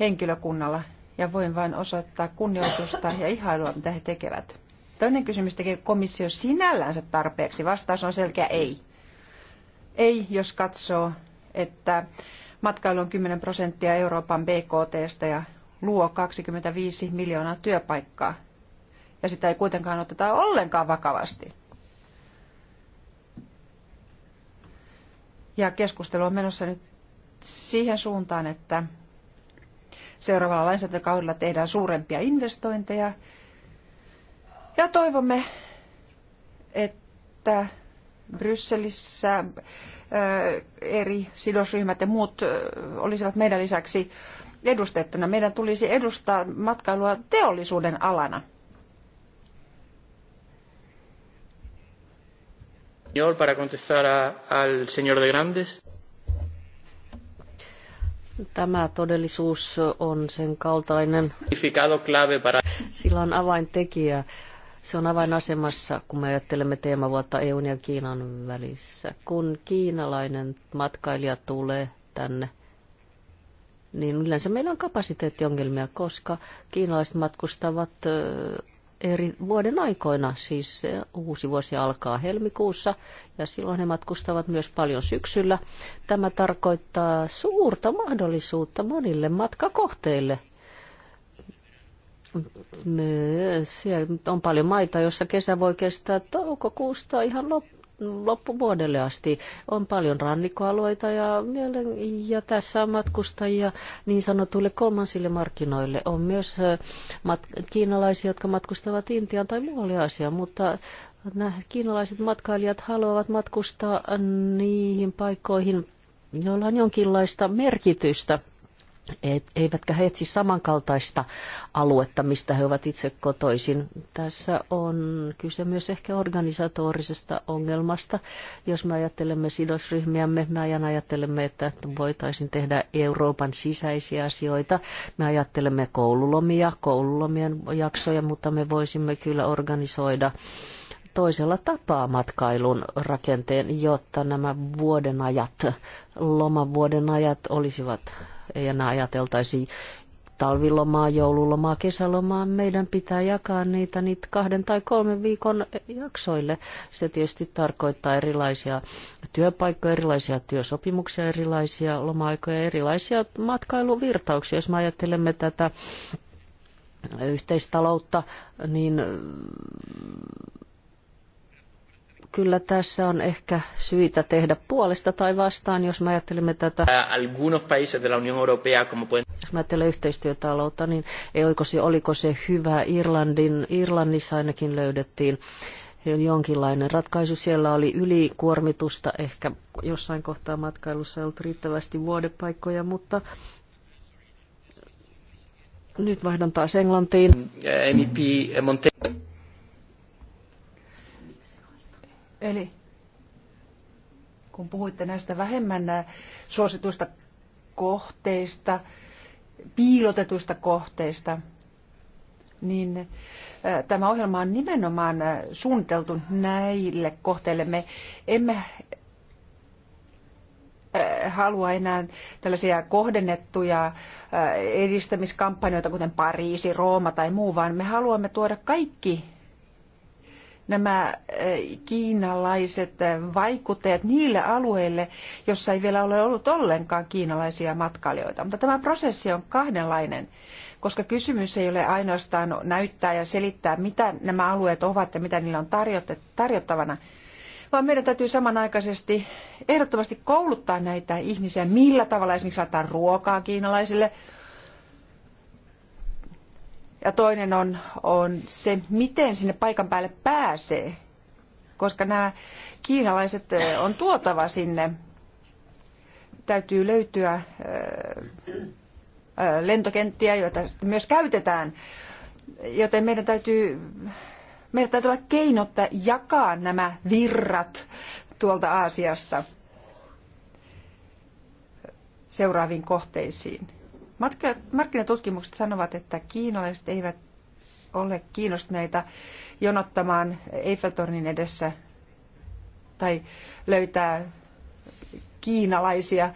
henkilökunnalla. Ja voin vain osoittaa kunnioitusta ja ihailua, mitä he tekevät. Toinen kysymys, tekee komissio sinällänsä tarpeeksi? Vastaus on selkeä ei. Ei, jos katsoo, että matkailu on 10 prosenttia Euroopan BKTstä ja luo 25 miljoonaa työpaikkaa ja sitä ei kuitenkaan oteta ollenkaan vakavasti. Ja keskustelu on menossa nyt siihen suuntaan, että seuraavalla lainsäädäntökaudella tehdään suurempia investointeja. Ja toivomme, että Brysselissä eri sidosryhmät ja muut olisivat meidän lisäksi edustettuna. Meidän tulisi edustaa matkailua teollisuuden alana. Señor, para contestar a, al señor de Grandes. Tämä todellisuus on sen kaltainen. Sillä on avaintekijä. Se on avainasemassa, kun me ajattelemme teemavuotta EUn ja Kiinan välissä. Kun kiinalainen matkailija tulee tänne, niin yleensä meillä on kapasiteettiongelmia, koska kiinalaiset matkustavat eri vuoden aikoina. Siis eh, uusi vuosi alkaa helmikuussa ja silloin he matkustavat myös paljon syksyllä. Tämä tarkoittaa suurta mahdollisuutta monille matkakohteille. Siellä on paljon maita, jossa kesä voi kestää toukokuusta ihan loppuun loppuvuodelle asti. On paljon rannikkoalueita ja, ja tässä on matkustajia niin sanotuille kolmansille markkinoille. On myös mat- kiinalaisia, jotka matkustavat Intiaan tai muualle Aasiaan, mutta nämä kiinalaiset matkailijat haluavat matkustaa niihin paikkoihin, joilla on jonkinlaista merkitystä eivätkä he etsi samankaltaista aluetta, mistä he ovat itse kotoisin. Tässä on kyse myös ehkä organisatorisesta ongelmasta. Jos me ajattelemme sidosryhmiämme, me ajan ajattelemme, että voitaisiin tehdä Euroopan sisäisiä asioita. Me ajattelemme koululomia, koululomien jaksoja, mutta me voisimme kyllä organisoida toisella tapaa matkailun rakenteen, jotta nämä vuodenajat, lomavuodenajat olisivat ei enää ajateltaisi talvilomaa, joululomaa, kesälomaa, meidän pitää jakaa niitä, niitä kahden tai kolmen viikon jaksoille. Se tietysti tarkoittaa erilaisia työpaikkoja, erilaisia työsopimuksia, erilaisia loma-aikoja, erilaisia matkailuvirtauksia. Jos me ajattelemme tätä yhteistaloutta, niin kyllä tässä on ehkä syitä tehdä puolesta tai vastaan, jos me ajattelemme tätä. Jos me ajattelen yhteistyötaloutta, niin ei oliko se, oliko se hyvä. Irlandin, Irlannissa ainakin löydettiin jonkinlainen ratkaisu. Siellä oli ylikuormitusta, ehkä jossain kohtaa matkailussa ei ollut riittävästi vuodepaikkoja, mutta nyt vaihdan taas Englantiin. MEP Monte- Eli kun puhuitte näistä vähemmän äh, suosituista kohteista, piilotetuista kohteista, niin äh, tämä ohjelma on nimenomaan äh, suunniteltu näille kohteille. Me emme halua enää tällaisia kohdennettuja edistämiskampanjoita, kuten Pariisi, Rooma tai muu, vaan me haluamme tuoda kaikki nämä äh, kiinalaiset äh, vaikutteet niille alueille, jossa ei vielä ole ollut ollenkaan kiinalaisia matkailijoita. Mutta tämä prosessi on kahdenlainen, koska kysymys ei ole ainoastaan näyttää ja selittää, mitä nämä alueet ovat ja mitä niillä on tarjottavana, vaan meidän täytyy samanaikaisesti ehdottomasti kouluttaa näitä ihmisiä, millä tavalla esimerkiksi antaa ruokaa kiinalaisille – ja toinen on, on se, miten sinne paikan päälle pääsee, koska nämä kiinalaiset on tuotava sinne. Täytyy löytyä lentokenttiä, joita myös käytetään. Joten meidän täytyy, meidän täytyy olla keinotta jakaa nämä virrat tuolta Aasiasta seuraaviin kohteisiin. Markkinatutkimukset sanovat, että kiinalaiset eivät ole kiinnostuneita jonottamaan Eiffeltornin edessä tai löytää kiinalaisia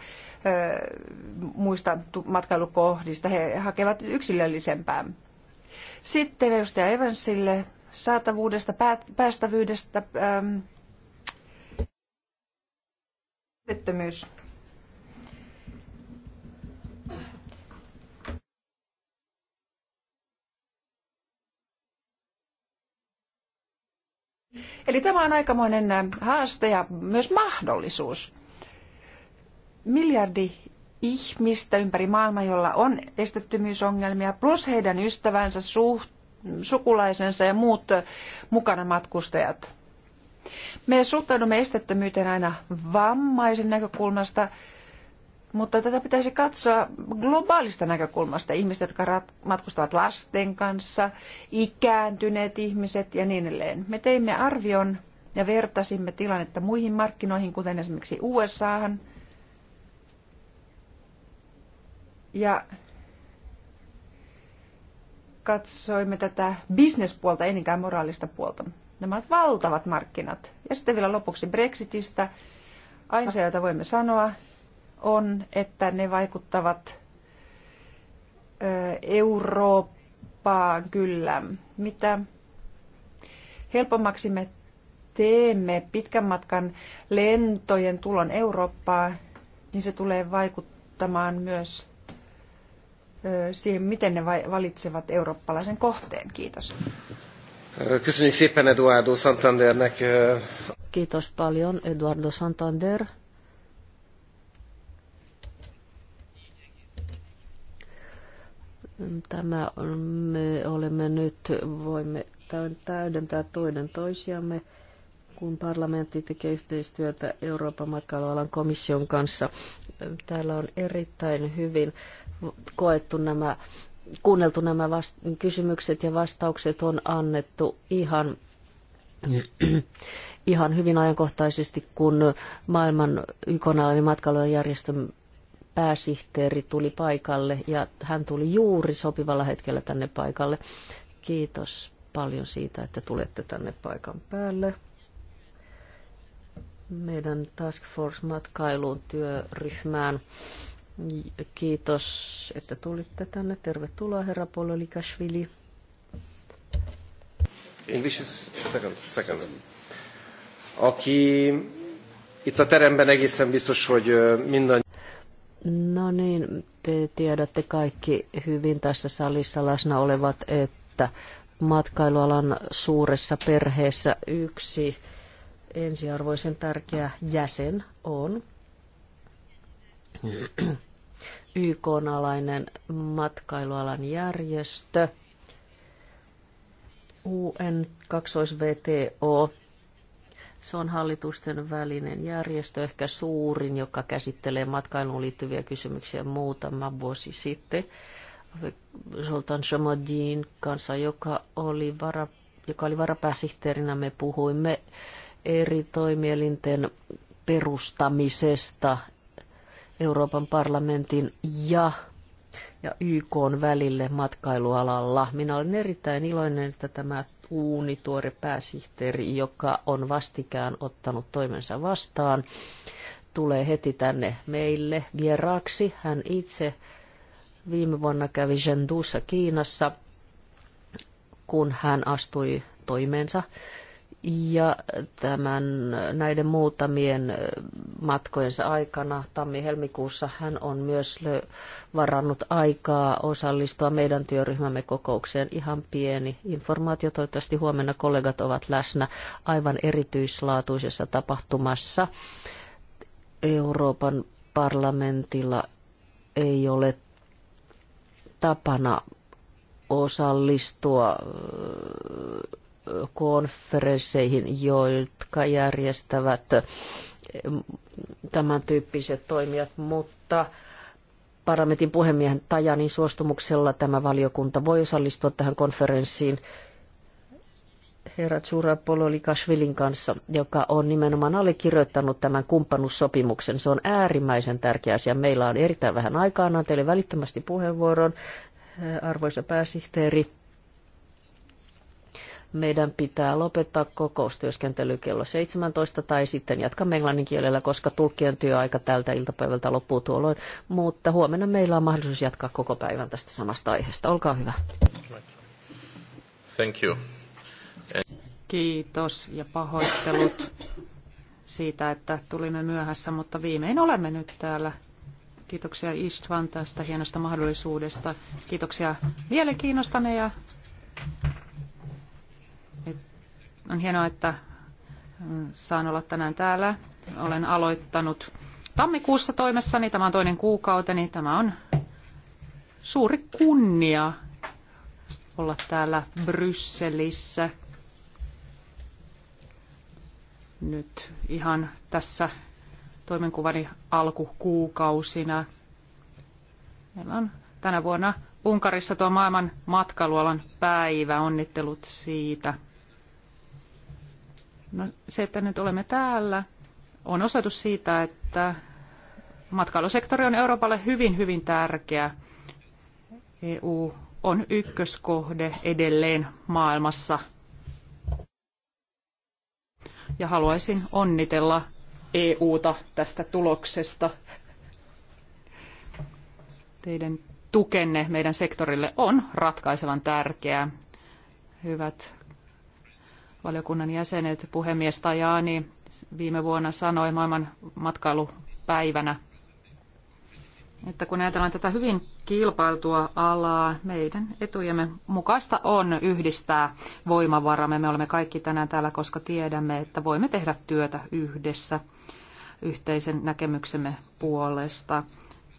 muista matkailukohdista. He hakevat yksilöllisempää. Sitten edustaja Evansille saatavuudesta, päästävyydestä, työttömyys. Eli tämä on aikamoinen äh, haaste ja myös mahdollisuus. Miljardi ihmistä ympäri maailmaa, jolla on estettömyysongelmia, plus heidän ystävänsä, suht, sukulaisensa ja muut äh, mukana matkustajat. Me suhtaudumme estettömyyteen aina vammaisen näkökulmasta, mutta tätä pitäisi katsoa globaalista näkökulmasta. Ihmiset, jotka matkustavat lasten kanssa, ikääntyneet ihmiset ja niin edelleen. Me teimme arvion ja vertasimme tilannetta muihin markkinoihin, kuten esimerkiksi USAhan. Ja katsoimme tätä bisnespuolta, enikään moraalista puolta. Nämä ovat valtavat markkinat. Ja sitten vielä lopuksi Brexitistä. Aina se, jota voimme sanoa, on, että ne vaikuttavat Eurooppaan kyllä. Mitä helpommaksi me teemme pitkän matkan lentojen tulon Eurooppaan, niin se tulee vaikuttamaan myös siihen, miten ne valitsevat eurooppalaisen kohteen. Kiitos. Kysyn Eduardo Santandernek. Kiitos paljon Eduardo Santander. Tämä on, me olemme nyt, voimme täydentää toinen toisiamme, kun parlamentti tekee yhteistyötä Euroopan matkailualan komission kanssa. Täällä on erittäin hyvin koettu nämä, kuunneltu nämä vast- kysymykset ja vastaukset on annettu ihan ihan hyvin ajankohtaisesti, kun maailman matkailujen matkailujärjestö pääsihteeri tuli paikalle ja hän tuli juuri sopivalla hetkellä tänne paikalle. Kiitos paljon siitä, että tulette tänne paikan päälle. Meidän Task Force-matkailuun työryhmään. Kiitos, että tulitte tänne. Tervetuloa, herra Likashvili. English is second, second. Aki itt a teremben egészen biztos, hogy mindannyian No niin, te tiedätte kaikki hyvin tässä salissa läsnä olevat, että matkailualan suuressa perheessä yksi ensiarvoisen tärkeä jäsen on YK-alainen matkailualan järjestö, UN kaksoisvto se on hallitusten välinen järjestö, ehkä suurin, joka käsittelee matkailuun liittyviä kysymyksiä muutama vuosi sitten. Sultan Shamadin kanssa, joka oli, vara, joka oli varapääsihteerinä, me puhuimme eri toimielinten perustamisesta Euroopan parlamentin ja, ja YK välille matkailualalla. Minä olen erittäin iloinen, että tämä Kuuni, tuore pääsihteeri, joka on vastikään ottanut toimensa vastaan, tulee heti tänne meille vieraaksi. Hän itse viime vuonna kävi Zhendussa Kiinassa, kun hän astui toimeensa ja tämän, näiden muutamien matkojensa aikana tammi-helmikuussa hän on myös varannut aikaa osallistua meidän työryhmämme kokoukseen. Ihan pieni informaatio, toivottavasti huomenna kollegat ovat läsnä aivan erityislaatuisessa tapahtumassa. Euroopan parlamentilla ei ole tapana osallistua konferensseihin, jotka järjestävät eh, tämän tyyppiset toimijat, mutta parlamentin puhemiehen Tajanin suostumuksella tämä valiokunta voi osallistua tähän konferenssiin herra Tsura Pololikashvilin kanssa, joka on nimenomaan allekirjoittanut tämän kumppanuussopimuksen. Se on äärimmäisen tärkeä asia. Meillä on erittäin vähän aikaa. Annan teille välittömästi puheenvuoron, eh, arvoisa pääsihteeri meidän pitää lopettaa kokoustyöskentely kello 17 tai sitten jatkamme englannin kielellä, koska tulkkien työaika tältä iltapäivältä loppuu tuolloin. Mutta huomenna meillä on mahdollisuus jatkaa koko päivän tästä samasta aiheesta. Olkaa hyvä. Thank you. Kiitos ja pahoittelut siitä, että tulimme myöhässä, mutta viimein olemme nyt täällä. Kiitoksia Istvan tästä hienosta mahdollisuudesta. Kiitoksia mielenkiinnostanne ja On hienoa, että mm, saan olla tänään täällä. Olen aloittanut tammikuussa toimessani, tämä on toinen kuukauteni, tämä on suuri kunnia olla täällä Brysselissä nyt ihan tässä toimenkuvani alkukuukausina. Meillä on tänä vuonna Unkarissa tuo maailman matkailualan päivä. Onnittelut siitä. No, se, että nyt olemme täällä, on osoitus siitä, että matkailusektori on Euroopalle hyvin, hyvin tärkeä. EU on ykköskohde edelleen maailmassa. Ja haluaisin onnitella EUta tästä tuloksesta. Teidän tukenne meidän sektorille on ratkaisevan tärkeää. Hyvät valiokunnan jäsenet, puhemies Tajani viime vuonna sanoi maailman matkailupäivänä, että kun ajatellaan tätä hyvin kilpailtua alaa, meidän etujemme mukaista on yhdistää voimavaramme. Me olemme kaikki tänään täällä, koska tiedämme, että voimme tehdä työtä yhdessä yhteisen näkemyksemme puolesta.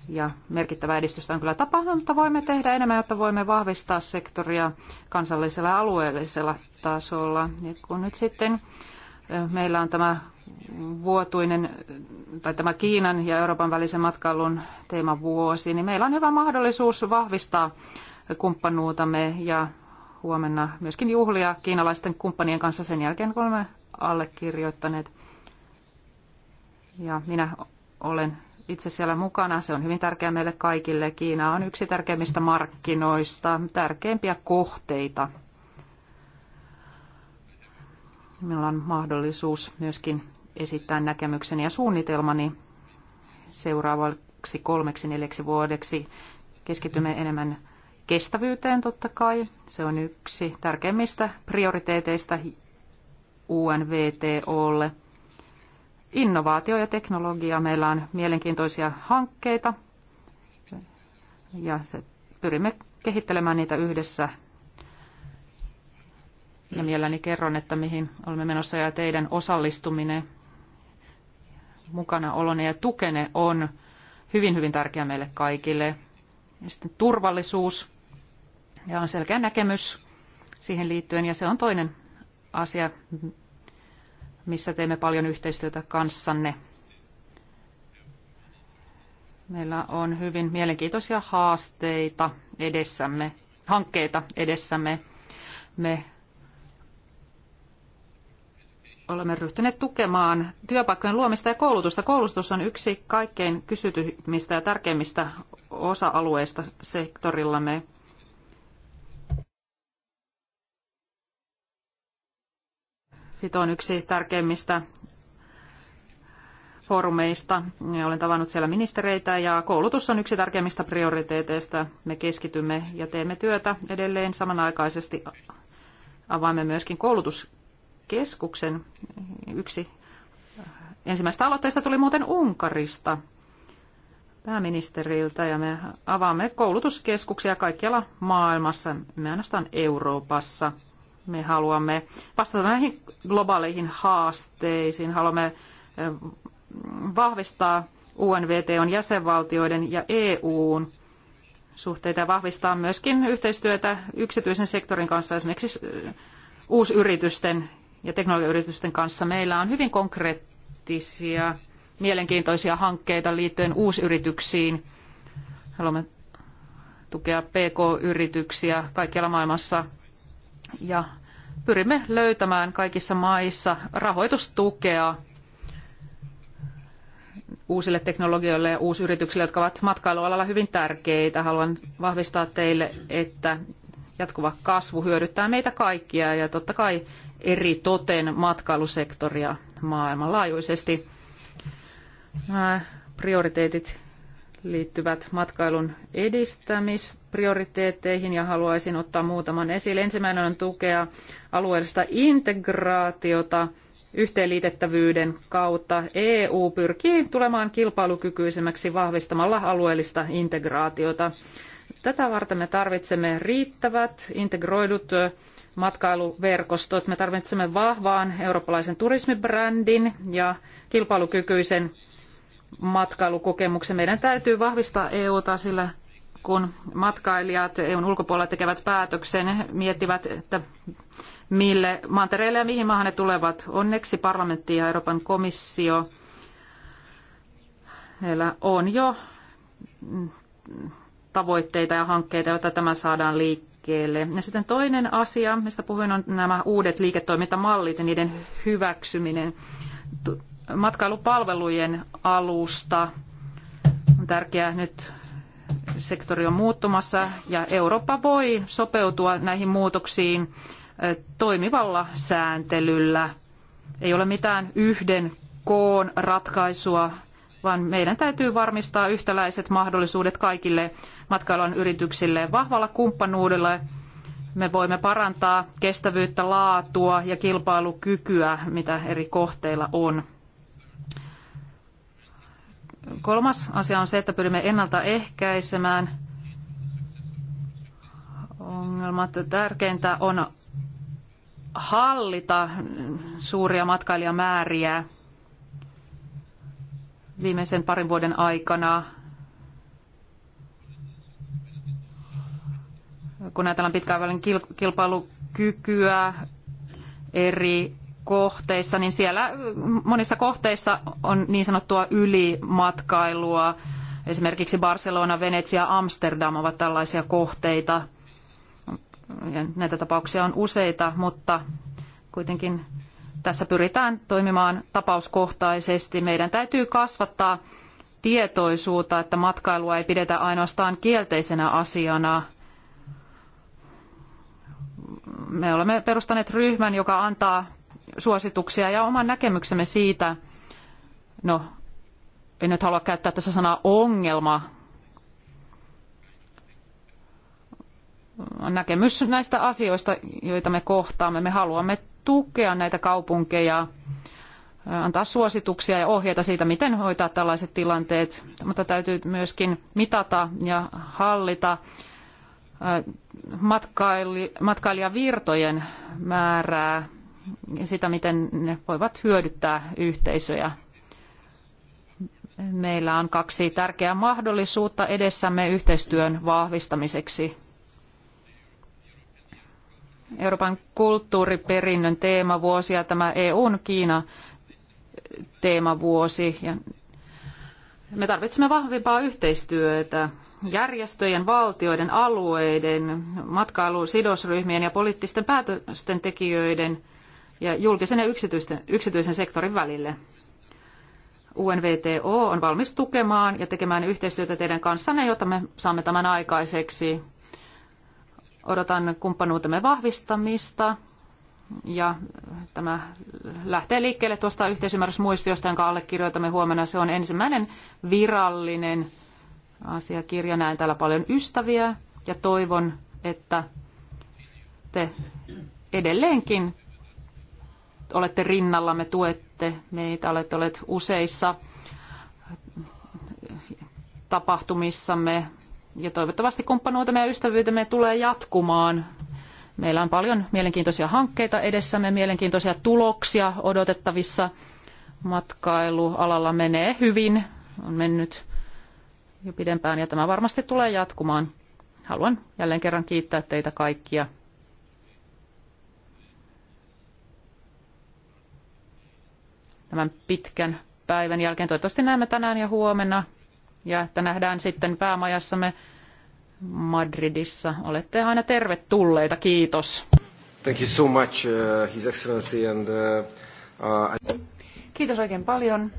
Ja merkittävää edistystä on kyllä tapahtunut, mutta voimme tehdä enemmän, jotta voimme vahvistaa sektoria kansallisella ja alueellisella tasolla. Ja kun nyt sitten meillä on tämä vuotuinen, tai tämä Kiinan ja Euroopan välisen matkailun teema vuosi, niin meillä on hyvä mahdollisuus vahvistaa kumppanuutamme ja huomenna myöskin juhlia kiinalaisten kumppanien kanssa sen jälkeen, kun olemme allekirjoittaneet. Ja minä olen itse siellä mukana. Se on hyvin tärkeää meille kaikille. Kiina on yksi tärkeimmistä markkinoista, tärkeimpiä kohteita Minulla on mahdollisuus myöskin esittää näkemykseni ja suunnitelmani seuraavaksi kolmeksi neljäksi vuodeksi. Keskitymme enemmän kestävyyteen totta kai. Se on yksi tärkeimmistä prioriteeteista UNVTOlle. Innovaatio ja teknologia. Meillä on mielenkiintoisia hankkeita ja se, pyrimme kehittelemään niitä yhdessä ja mielelläni kerron, että mihin olemme menossa ja teidän osallistuminen, mukana olone ja tukene on hyvin, hyvin tärkeä meille kaikille. Ja sitten turvallisuus ja on selkeä näkemys siihen liittyen ja se on toinen asia, missä teemme paljon yhteistyötä kanssanne. Meillä on hyvin mielenkiintoisia haasteita edessämme, hankkeita edessämme. Me olemme ryhtyneet tukemaan työpaikkojen luomista ja koulutusta. Koulutus on yksi kaikkein kysytymistä ja tärkeimmistä osa-alueista sektorillamme. FITO on yksi tärkeimmistä foorumeista. Olen tavannut siellä ministereitä ja koulutus on yksi tärkeimmistä prioriteeteista. Me keskitymme ja teemme työtä edelleen samanaikaisesti. Avaamme myöskin koulutus keskuksen. Yksi ensimmäistä aloitteista tuli muuten Unkarista pääministeriltä ja me avaamme koulutuskeskuksia kaikkialla maailmassa, me ainoastaan Euroopassa. Me haluamme vastata näihin globaaleihin haasteisiin, haluamme vahvistaa UNVT: on jäsenvaltioiden ja EUn suhteita ja vahvistaa myöskin yhteistyötä yksityisen sektorin kanssa, esimerkiksi uusyritysten ja teknologiayritysten kanssa meillä on hyvin konkreettisia, mielenkiintoisia hankkeita liittyen uusyrityksiin. Haluamme tukea PK-yrityksiä kaikkialla maailmassa ja pyrimme löytämään kaikissa maissa rahoitustukea uusille teknologioille ja uusyrityksille, jotka ovat matkailualalla hyvin tärkeitä. Haluan vahvistaa teille, että jatkuva kasvu hyödyttää meitä kaikkia ja totta kai eri toten matkailusektoria maailmanlaajuisesti. Nämä prioriteetit liittyvät matkailun edistämisprioriteetteihin ja haluaisin ottaa muutaman esille. Ensimmäinen on tukea alueellista integraatiota yhteenliitettävyyden kautta. EU pyrkii tulemaan kilpailukykyisemmäksi vahvistamalla alueellista integraatiota. Tätä varten me tarvitsemme riittävät integroidut matkailuverkostot. Me tarvitsemme vahvaan eurooppalaisen turismibrändin ja kilpailukykyisen matkailukokemuksen. Meidän täytyy vahvistaa EUta, sillä kun matkailijat EUn ulkopuolella tekevät päätöksen, miettivät, että mille mantereelle ja mihin maahan ne tulevat. Onneksi parlamentti ja Euroopan komissio heillä on jo tavoitteita ja hankkeita, joita tämä saadaan liikkeelle. Ja sitten toinen asia, mistä puhuin, on nämä uudet liiketoimintamallit ja niiden hyväksyminen. Matkailupalvelujen alusta on tärkeää nyt sektori on muuttumassa ja Eurooppa voi sopeutua näihin muutoksiin toimivalla sääntelyllä. Ei ole mitään yhden koon ratkaisua vaan meidän täytyy varmistaa yhtäläiset mahdollisuudet kaikille matkailualan yrityksille vahvalla kumppanuudella. Me voimme parantaa kestävyyttä, laatua ja kilpailukykyä, mitä eri kohteilla on. Kolmas asia on se, että pyrimme ennaltaehkäisemään ongelmat. Tärkeintä on hallita suuria matkailijamääriä viimeisen parin vuoden aikana, kun ajatellaan pitkäaikainen kilpailukykyä eri kohteissa, niin siellä monissa kohteissa on niin sanottua ylimatkailua. Esimerkiksi Barcelona, Venetsia, Amsterdam ovat tällaisia kohteita. Näitä tapauksia on useita, mutta kuitenkin tässä pyritään toimimaan tapauskohtaisesti. Meidän täytyy kasvattaa tietoisuutta, että matkailua ei pidetä ainoastaan kielteisenä asiana. Me olemme perustaneet ryhmän, joka antaa suosituksia ja oman näkemyksemme siitä, no en nyt halua käyttää tässä sanaa ongelma, näkemys näistä asioista, joita me kohtaamme. Me haluamme tukea näitä kaupunkeja, antaa suosituksia ja ohjeita siitä, miten hoitaa tällaiset tilanteet, mutta täytyy myöskin mitata ja hallita matkailijavirtojen määrää ja sitä, miten ne voivat hyödyttää yhteisöjä. Meillä on kaksi tärkeää mahdollisuutta edessämme yhteistyön vahvistamiseksi. Euroopan kulttuuriperinnön teemavuosi ja tämä EUn Kiina teemavuosi. Ja me tarvitsemme vahvempaa yhteistyötä järjestöjen, valtioiden, alueiden, matkailusidosryhmien ja poliittisten päätösten tekijöiden ja julkisen ja yksityisten, yksityisen sektorin välille. UNVTO on valmis tukemaan ja tekemään yhteistyötä teidän kanssanne, jotta me saamme tämän aikaiseksi. Odotan kumppanuutemme vahvistamista ja tämä lähtee liikkeelle tuosta yhteisymmärrysmuistiosta, jonka allekirjoitamme huomenna. Se on ensimmäinen virallinen asiakirja. Näen täällä paljon ystäviä ja toivon, että te edelleenkin olette rinnallamme, tuette meitä, olette olleet useissa tapahtumissamme, ja toivottavasti kumppanuutemme ja ystävyytemme tulee jatkumaan. Meillä on paljon mielenkiintoisia hankkeita edessämme, mielenkiintoisia tuloksia odotettavissa. Matkailualalla menee hyvin, on mennyt jo pidempään ja tämä varmasti tulee jatkumaan. Haluan jälleen kerran kiittää teitä kaikkia. Tämän pitkän päivän jälkeen toivottavasti näemme tänään ja huomenna ja että nähdään sitten päämajassamme Madridissa. Olette aina tervetulleita, kiitos. Thank you so much, uh, His Excellency. And, uh, uh... Kiitos oikein paljon.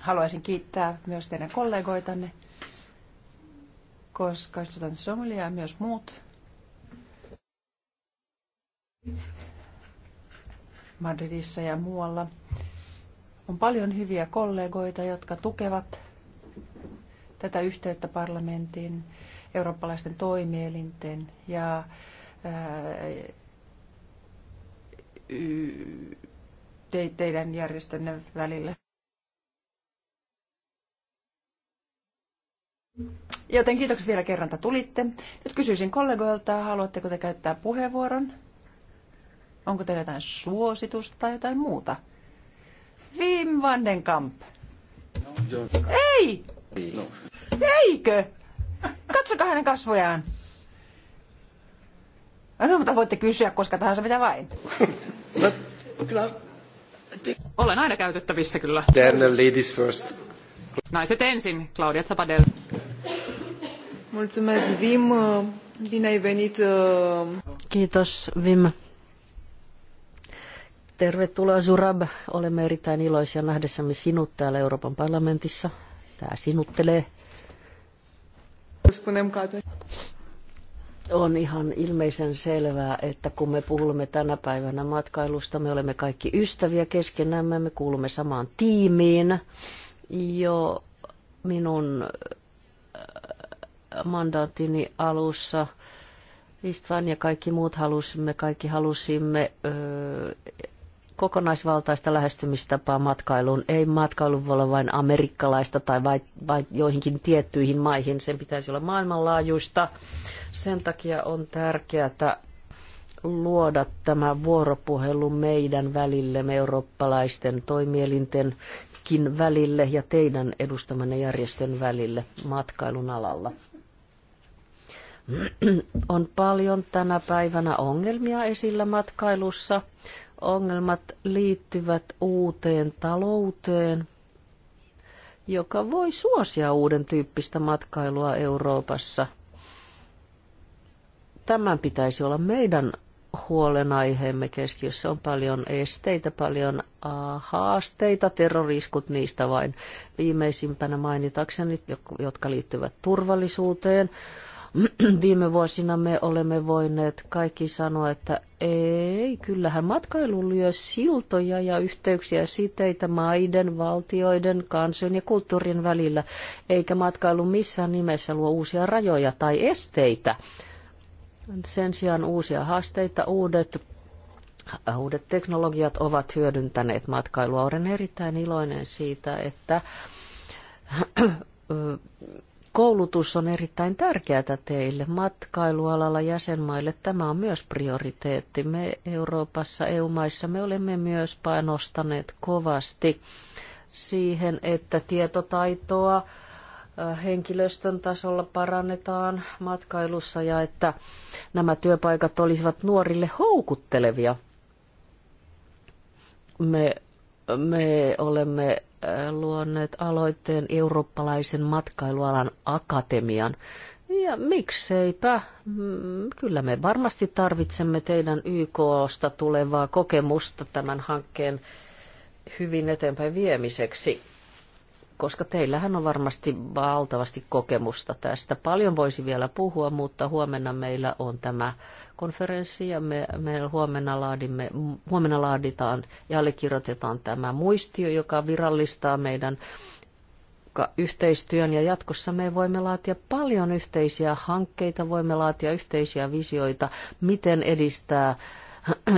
Haluaisin kiittää myös teidän kollegoitanne, koska istutan somelia ja myös muut. Madridissa ja muualla on paljon hyviä kollegoita, jotka tukevat tätä yhteyttä parlamentin, eurooppalaisten toimielinten ja teidän järjestönne välillä. Joten kiitokset vielä kerran, että tulitte. Nyt kysyisin kollegoilta, haluatteko te käyttää puheenvuoron? Onko teillä jotain suositusta tai jotain muuta? Wim van den Kamp. No, Ei! No. Eikö? Katsokaa hänen kasvojaan. No, mutta voitte kysyä koska tahansa mitä vain. kyllä. Olen aina käytettävissä kyllä. Then ladies first. Naiset ensin, Claudia Zapadel. Mulțumesc, Vim. Bine ai venit. Uh, Kiitos, Vim. Tervetuloa Zurab. Olemme erittäin iloisia nähdessämme sinut täällä Euroopan parlamentissa. Tää sinuttelee. On ihan ilmeisen selvää, että kun me puhumme tänä päivänä matkailusta, me olemme kaikki ystäviä keskenämme, me kuulumme samaan tiimiin. Jo minun äh, mandaattini alussa Istvan ja kaikki muut halusimme, kaikki halusimme öö, kokonaisvaltaista lähestymistapaa matkailuun. Ei matkailu voi olla vain amerikkalaista tai vai, vai joihinkin tiettyihin maihin. Sen pitäisi olla maailmanlaajuista. Sen takia on tärkeää luoda tämä vuoropuhelu meidän välille, me eurooppalaisten toimielintenkin välille ja teidän edustamanne järjestön välille matkailun alalla on paljon tänä päivänä ongelmia esillä matkailussa. Ongelmat liittyvät uuteen talouteen, joka voi suosia uuden tyyppistä matkailua Euroopassa. Tämän pitäisi olla meidän huolenaiheemme keskiössä on paljon esteitä, paljon haasteita, terroriskut niistä vain viimeisimpänä mainitakseni, jotka liittyvät turvallisuuteen, Viime vuosina me olemme voineet kaikki sanoa, että ei, kyllähän matkailu lyö siltoja ja yhteyksiä siteitä maiden, valtioiden, kansojen ja kulttuurin välillä, eikä matkailu missään nimessä luo uusia rajoja tai esteitä. Sen sijaan uusia haasteita, uudet uudet teknologiat ovat hyödyntäneet matkailua. Olen erittäin iloinen siitä, että koulutus on erittäin tärkeää teille matkailualalla jäsenmaille. Tämä on myös prioriteetti. Me Euroopassa, EU-maissa, me olemme myös painostaneet kovasti siihen, että tietotaitoa äh, henkilöstön tasolla parannetaan matkailussa ja että nämä työpaikat olisivat nuorille houkuttelevia. Me, me olemme luonneet aloitteen eurooppalaisen matkailualan akatemian. Ja mikseipä? Mm, kyllä me varmasti tarvitsemme teidän YKsta tulevaa kokemusta tämän hankkeen hyvin eteenpäin viemiseksi, koska teillähän on varmasti valtavasti kokemusta tästä. Paljon voisi vielä puhua, mutta huomenna meillä on tämä konferenssi ja me, me huomenna, laadimme, huomenna laaditaan ja allekirjoitetaan tämä muistio, joka virallistaa meidän yhteistyön ja jatkossa me voimme laatia paljon yhteisiä hankkeita, voimme laatia yhteisiä visioita, miten edistää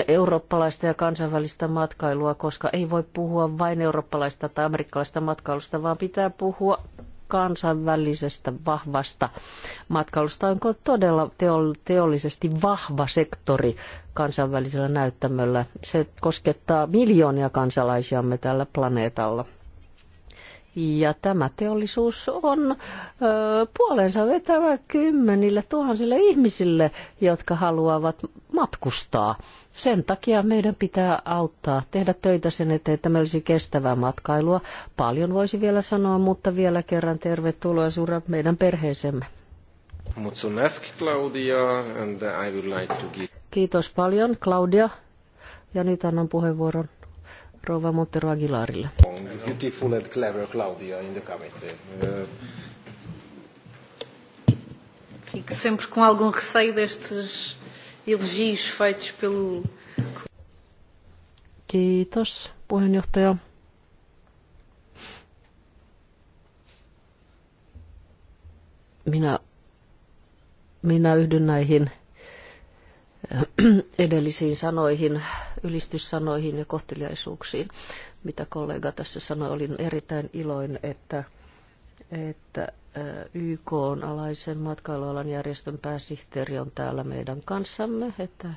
eurooppalaista ja kansainvälistä matkailua, koska ei voi puhua vain eurooppalaista tai amerikkalaista matkailusta, vaan pitää puhua kansainvälisestä vahvasta matkailusta. Onko todella teollisesti vahva sektori kansainvälisellä näyttämöllä? Se koskettaa miljoonia kansalaisiamme tällä planeetalla. Ja tämä teollisuus on ö, puolensa vetävä kymmenille tuhansille ihmisille, jotka haluavat matkustaa. Sen takia meidän pitää auttaa, tehdä töitä sen eteen, että meillä olisi kestävää matkailua. Paljon voisi vielä sanoa, mutta vielä kerran tervetuloa Sura meidän perheeseemme. Mutsunesk, Claudia, and I would like to give... Kiitos paljon, Claudia. Ja nyt annan puheenvuoron rouva Montero Aguilarille. Beautiful and clever Claudia in the committee. Eh, fico sempre com algum receio destes elogios feitos pelo... Kiitos, puheenjohtaja. Minä, minä yhdyn näihin edellisiin sanoihin, ylistyssanoihin ja kohteliaisuuksiin, mitä kollega tässä sanoi. Olin erittäin iloinen, että, että YK on alaisen matkailualan järjestön pääsihteeri on täällä meidän kanssamme, että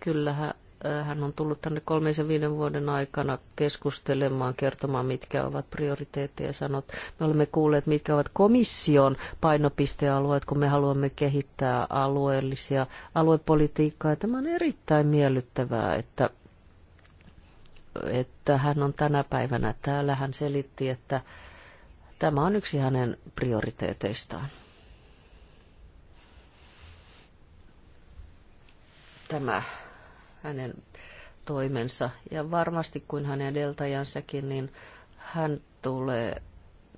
kyllähän Äh, hän on tullut tänne kolmeisen viiden vuoden aikana keskustelemaan, kertomaan, mitkä ovat prioriteetteja. Sanot, me olemme kuulleet, mitkä ovat komission painopistealueet, kun me haluamme kehittää alueellisia aluepolitiikkaa. Tämä on erittäin miellyttävää, että, että hän on tänä päivänä täällä. Hän selitti, että tämä on yksi hänen prioriteeteistaan. Tämä hänen toimensa. Ja varmasti kuin hänen edeltäjänsäkin, niin hän tulee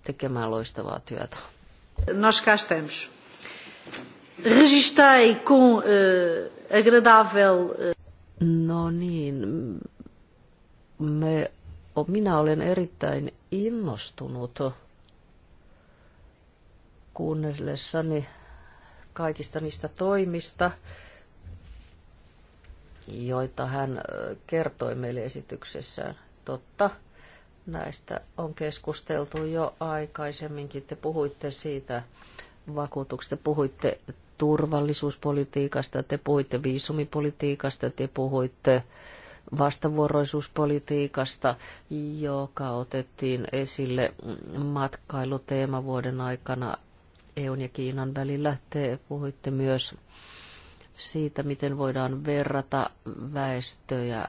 tekemään loistavaa työtä. Nós cá estamos. Registrei com uh, agradável... Uh... No niin, me, minä olen erittäin innostunut kuunnellessani kaikista niistä toimista, joita hän kertoi meille esityksessään. Totta, näistä on keskusteltu jo aikaisemminkin. Te puhuitte siitä vakuutuksesta, puhuitte turvallisuuspolitiikasta, te puhuitte viisumipolitiikasta, te puhuitte vastavuoroisuuspolitiikasta, joka otettiin esille matkailuteemavuoden aikana EUn ja Kiinan välillä. Te puhuitte myös siitä, miten voidaan verrata väestöjä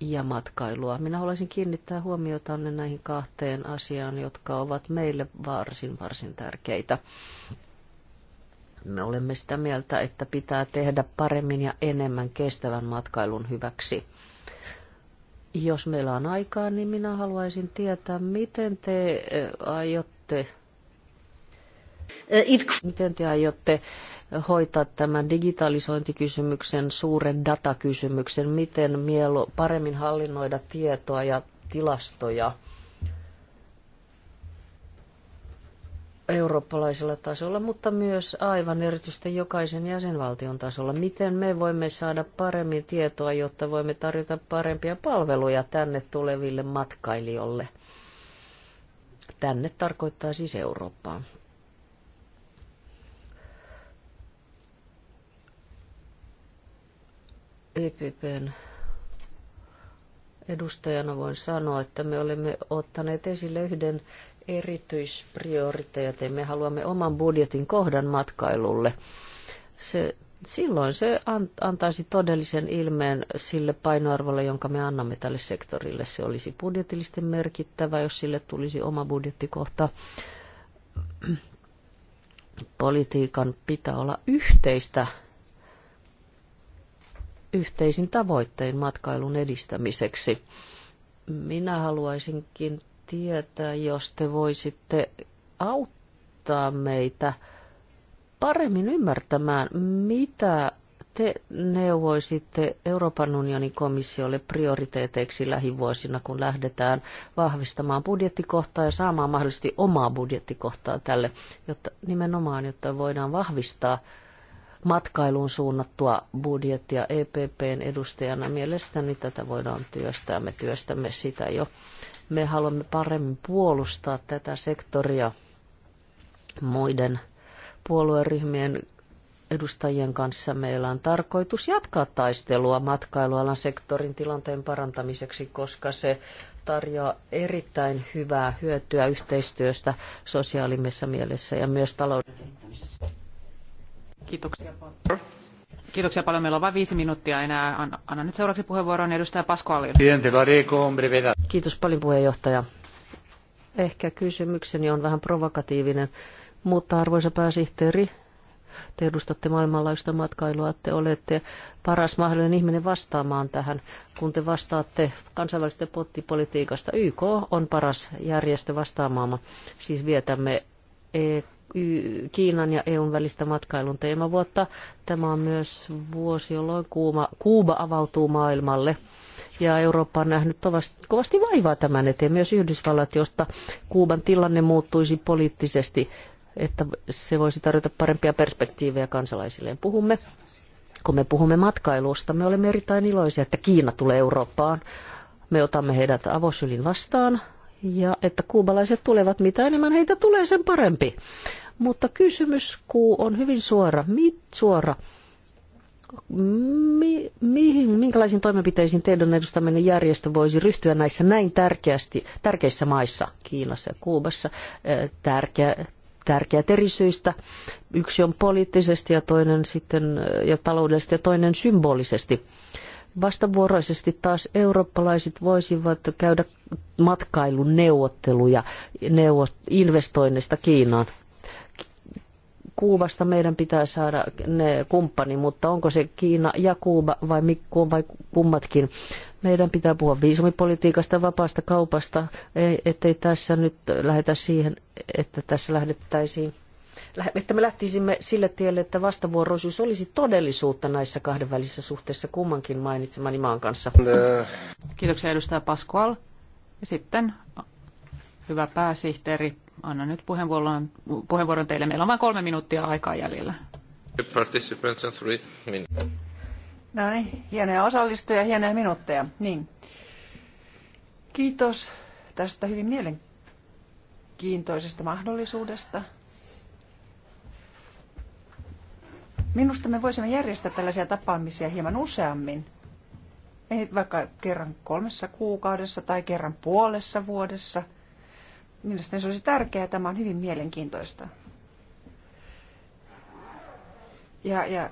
ja matkailua. Minä haluaisin kiinnittää huomiota näihin kahteen asiaan, jotka ovat meille varsin, varsin tärkeitä. Me olemme sitä mieltä, että pitää tehdä paremmin ja enemmän kestävän matkailun hyväksi. Jos meillä on aikaa, niin minä haluaisin tietää, miten te eh, aiotte, äh, miten te aiotte hoitaa tämän digitalisointikysymyksen, suuren datakysymyksen, miten mielo, paremmin hallinnoida tietoa ja tilastoja eurooppalaisella tasolla, mutta myös aivan erityisesti jokaisen jäsenvaltion tasolla. Miten me voimme saada paremmin tietoa, jotta voimme tarjota parempia palveluja tänne tuleville matkailijoille? Tänne tarkoittaa siis Eurooppaa. EPPn edustajana voin sanoa, että me olemme ottaneet esille yhden erityisprioriteetin. Me haluamme oman budjetin kohdan matkailulle. Se, silloin se antaisi todellisen ilmeen sille painoarvolle, jonka me annamme tälle sektorille. Se olisi budjetillisesti merkittävä, jos sille tulisi oma budjettikohta. Politiikan pitää olla yhteistä yhteisin tavoittein matkailun edistämiseksi. Minä haluaisinkin tietää, jos te voisitte auttaa meitä paremmin ymmärtämään, mitä te neuvoisitte Euroopan unionin komissiolle prioriteeteiksi lähivuosina, kun lähdetään vahvistamaan budjettikohtaa ja saamaan mahdollisesti omaa budjettikohtaa tälle, jotta, nimenomaan, jotta voidaan vahvistaa matkailuun suunnattua budjettia EPPn edustajana. Mielestäni tätä voidaan työstää, me työstämme sitä jo. Me haluamme paremmin puolustaa tätä sektoria muiden puolueryhmien edustajien kanssa meillä on tarkoitus jatkaa taistelua matkailualan sektorin tilanteen parantamiseksi, koska se tarjoaa erittäin hyvää hyötyä yhteistyöstä sosiaalimessa mielessä ja myös talouden kehittämisessä. Kiitoksia paljon. Kiitoksia paljon. Meillä on vain viisi minuuttia enää. Anna nyt seuraavaksi puheenvuoron edustaja Pasqualille. Kiitos paljon puheenjohtaja. Ehkä kysymykseni on vähän provokatiivinen, mutta arvoisa pääsihteeri, te edustatte maailmanlaajuista matkailua, te olette paras mahdollinen ihminen vastaamaan tähän, kun te vastaatte kansainvälisestä pottipolitiikasta. YK on paras järjestö vastaamaan. Siis vietämme Kiinan ja EUn välistä matkailun teemavuotta. Tämä on myös vuosi, jolloin Kuuma, Kuuba avautuu maailmalle. Ja Eurooppa on nähnyt kovasti vaivaa tämän eteen, myös Yhdysvallat, josta Kuuban tilanne muuttuisi poliittisesti, että se voisi tarjota parempia perspektiivejä kansalaisilleen. Puhumme, kun me puhumme matkailusta, me olemme erittäin iloisia, että Kiina tulee Eurooppaan. Me otamme heidät avosylin vastaan, ja että kuubalaiset tulevat, mitä enemmän heitä tulee, sen parempi. Mutta kysymys kuu on hyvin suora. Mit, suora. Mi, mihin, minkälaisiin toimenpiteisiin teidän edustaminen järjestö voisi ryhtyä näissä näin tärkeästi, tärkeissä maissa, Kiinassa ja Kuubassa, tärkeä, tärkeät eri syistä. Yksi on poliittisesti ja toinen sitten ja taloudellisesti ja toinen symbolisesti Vastavuoroisesti taas eurooppalaiset voisivat käydä matkailun neuvotteluja investoinneista Kiinaan. Kuubasta meidän pitää saada ne kumppani, mutta onko se Kiina ja Kuuba vai, Mikko vai kummatkin? Meidän pitää puhua viisumipolitiikasta, vapaasta kaupasta, e- ettei tässä nyt lähetä siihen, että tässä lähdettäisiin että me lähtisimme sille tielle, että vastavuoroisuus olisi todellisuutta näissä kahdenvälisissä suhteissa kummankin mainitsemani maan kanssa. Kiitoksia edustaja Pasqual. Ja sitten hyvä pääsihteeri, anna nyt puheenvuoron, puheenvuoron teille. Meillä on vain kolme minuuttia aikaa jäljellä. No niin, hienoja osallistuja, hienoja minuutteja. Niin. Kiitos tästä hyvin mielenkiintoisesta mahdollisuudesta Minusta me voisimme järjestää tällaisia tapaamisia hieman useammin. Ei vaikka kerran kolmessa kuukaudessa tai kerran puolessa vuodessa. Mielestäni se olisi tärkeää. Tämä on hyvin mielenkiintoista. Ja, ja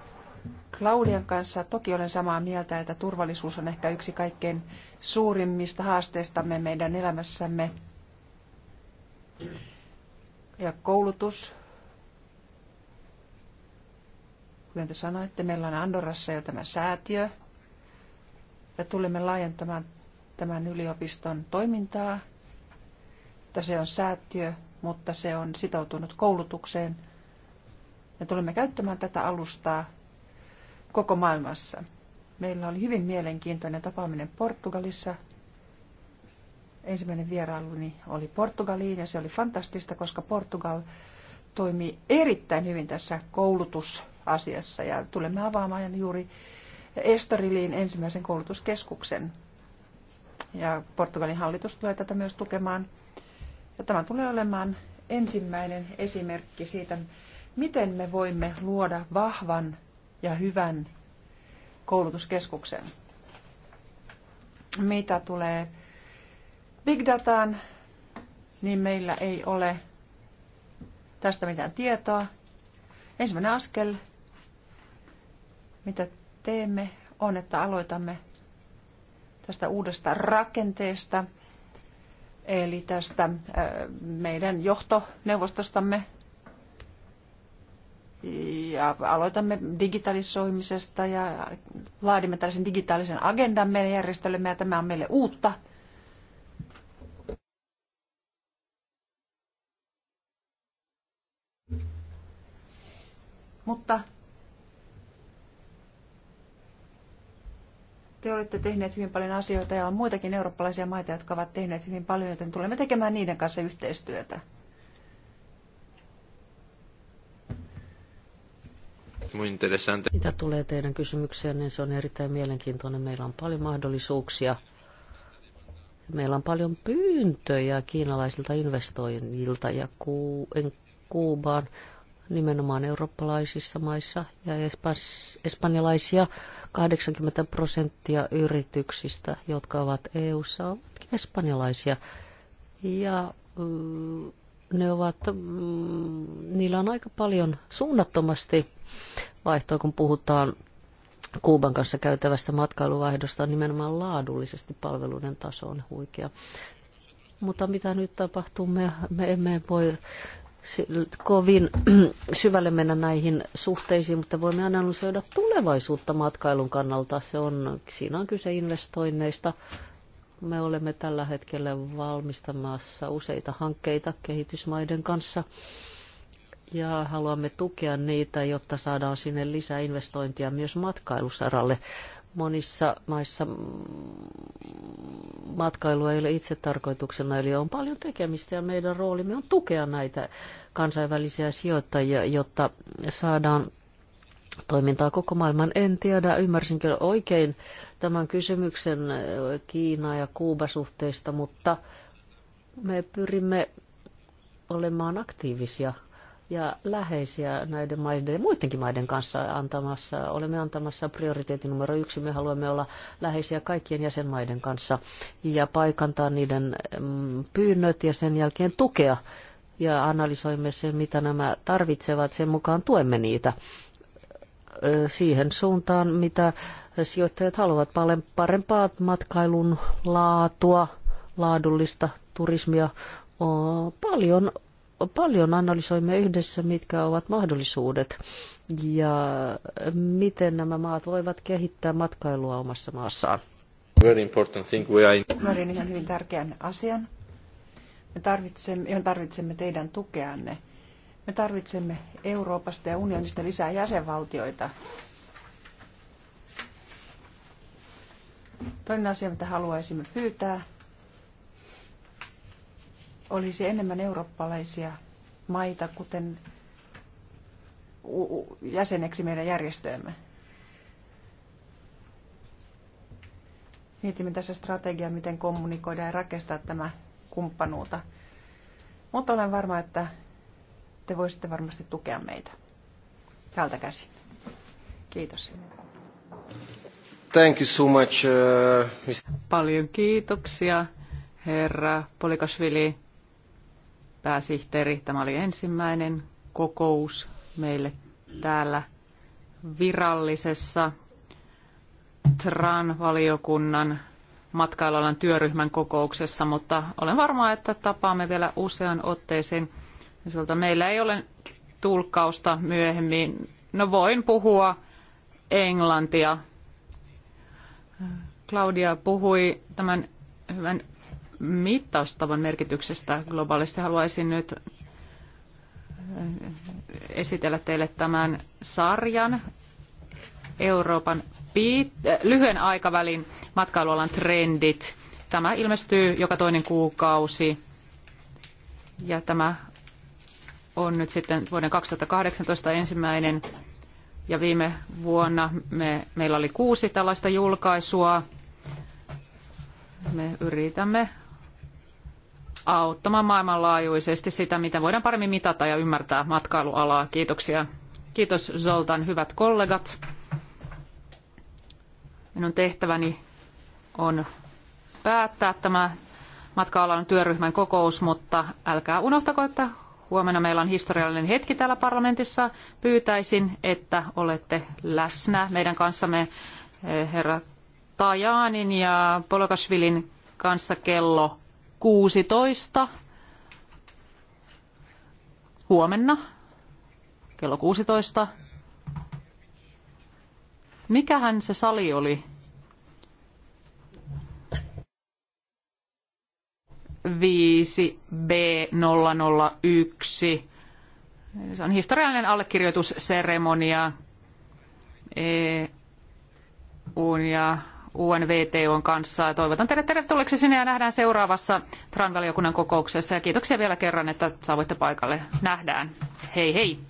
Claudian kanssa toki olen samaa mieltä, että turvallisuus on ehkä yksi kaikkein suurimmista haasteistamme meidän elämässämme. Ja koulutus, Kuten te sanoitte, meillä on Andorassa jo tämä säätiö ja tulemme laajentamaan tämän yliopiston toimintaa. Että se on säätiö, mutta se on sitoutunut koulutukseen. Me tulemme käyttämään tätä alustaa koko maailmassa. Meillä oli hyvin mielenkiintoinen tapaaminen Portugalissa. Ensimmäinen vierailuni oli Portugaliin ja se oli fantastista, koska Portugal toimii erittäin hyvin tässä koulutus asiassa ja tulemme avaamaan juuri Estoriliin ensimmäisen koulutuskeskuksen. Ja Portugalin hallitus tulee tätä myös tukemaan. Ja tämä tulee olemaan ensimmäinen esimerkki siitä, miten me voimme luoda vahvan ja hyvän koulutuskeskuksen. Mitä tulee big dataan, niin meillä ei ole tästä mitään tietoa. Ensimmäinen askel mitä teemme, on, että aloitamme tästä uudesta rakenteesta, eli tästä äh, meidän johtoneuvostostamme. Ja aloitamme digitalisoimisesta ja laadimme tällaisen digitaalisen agendan meidän järjestöllemme ja tämä on meille uutta. Mutta Te olette tehneet hyvin paljon asioita ja on muitakin eurooppalaisia maita, jotka ovat tehneet hyvin paljon, joten tulemme tekemään niiden kanssa yhteistyötä. Mitä tulee teidän kysymykseen, niin se on erittäin mielenkiintoinen. Meillä on paljon mahdollisuuksia. Meillä on paljon pyyntöjä kiinalaisilta investoijilta ja Ku- Kuubaan nimenomaan eurooppalaisissa maissa ja espanjalaisia 80 prosenttia yrityksistä, jotka ovat EU-ssa, ovat espanjalaisia. Ja mm, ne ovat, mm, niillä on aika paljon suunnattomasti vaihtoa, kun puhutaan Kuuban kanssa käytävästä matkailuvaihdosta, nimenomaan laadullisesti palveluiden taso on huikea. Mutta mitä nyt tapahtuu, me, me emme voi kovin syvälle mennä näihin suhteisiin, mutta voimme analysoida tulevaisuutta matkailun kannalta. Se on, siinä on kyse investoinneista. Me olemme tällä hetkellä valmistamassa useita hankkeita kehitysmaiden kanssa ja haluamme tukea niitä, jotta saadaan sinne lisää investointia myös matkailusaralle monissa maissa matkailu ei ole itse tarkoituksena, eli on paljon tekemistä ja meidän roolimme on tukea näitä kansainvälisiä sijoittajia, jotta saadaan toimintaa koko maailman. En tiedä, ymmärsinkö oikein tämän kysymyksen Kiina- ja Kuuba-suhteista, mutta me pyrimme olemaan aktiivisia – ja läheisiä näiden maiden ja muidenkin maiden kanssa antamassa. Olemme antamassa prioriteetin numero yksi. Me haluamme olla läheisiä kaikkien jäsenmaiden kanssa ja paikantaa niiden mm, pyynnöt ja sen jälkeen tukea ja analysoimme sen, mitä nämä tarvitsevat. Sen mukaan tuemme niitä siihen suuntaan, mitä sijoittajat haluavat. parempaa matkailun laatua, laadullista turismia, paljon paljon analysoimme yhdessä, mitkä ovat mahdollisuudet ja miten nämä maat voivat kehittää matkailua omassa maassaan. Very important thing we are in. ihan hyvin tärkeän asian. Me tarvitsemme, johon tarvitsemme teidän tukeanne. Me tarvitsemme Euroopasta ja unionista lisää jäsenvaltioita. Toinen asia, mitä haluaisimme pyytää, olisi enemmän eurooppalaisia maita, kuten jäseneksi meidän järjestöömme. Mietimme tässä strategiaa, miten kommunikoida ja rakentaa tämä kumppanuuta. Mutta olen varma, että te voisitte varmasti tukea meitä täältä käsin. Kiitos. Thank you so much, uh, Paljon kiitoksia, herra Polikasvili pääsihteeri. Tämä oli ensimmäinen kokous meille täällä virallisessa TRAN-valiokunnan matkailualan työryhmän kokouksessa, mutta olen varma, että tapaamme vielä usean otteeseen. Meillä ei ole tulkkausta myöhemmin. No voin puhua englantia. Claudia puhui tämän hyvän mittaustavan merkityksestä globaalisti. Haluaisin nyt eh, esitellä teille tämän sarjan Euroopan piit- eh, lyhyen aikavälin matkailualan trendit. Tämä ilmestyy joka toinen kuukausi ja tämä on nyt sitten vuoden 2018 ensimmäinen ja viime vuonna me, meillä oli kuusi tällaista julkaisua. Me yritämme auttamaan maailmanlaajuisesti sitä, miten voidaan paremmin mitata ja ymmärtää matkailualaa. Kiitoksia. Kiitos Zoltan, hyvät kollegat. Minun tehtäväni on päättää tämä matka-alan työryhmän kokous, mutta älkää unohtako, että huomenna meillä on historiallinen hetki täällä parlamentissa. Pyytäisin, että olette läsnä meidän kanssamme eh, herra Tajanin ja Polokashvilin kanssa kello 16 huomenna kello 16. Mikähän se sali oli? Viisi b 001 Se on historiallinen allekirjoitusseremonia EUn ja UNVTOn kanssa. Toivotan teidät tervetulleeksi sinne ja nähdään seuraavassa Tran-valiokunnan kokouksessa. Ja kiitoksia vielä kerran, että saavuitte paikalle. Nähdään. Hei hei!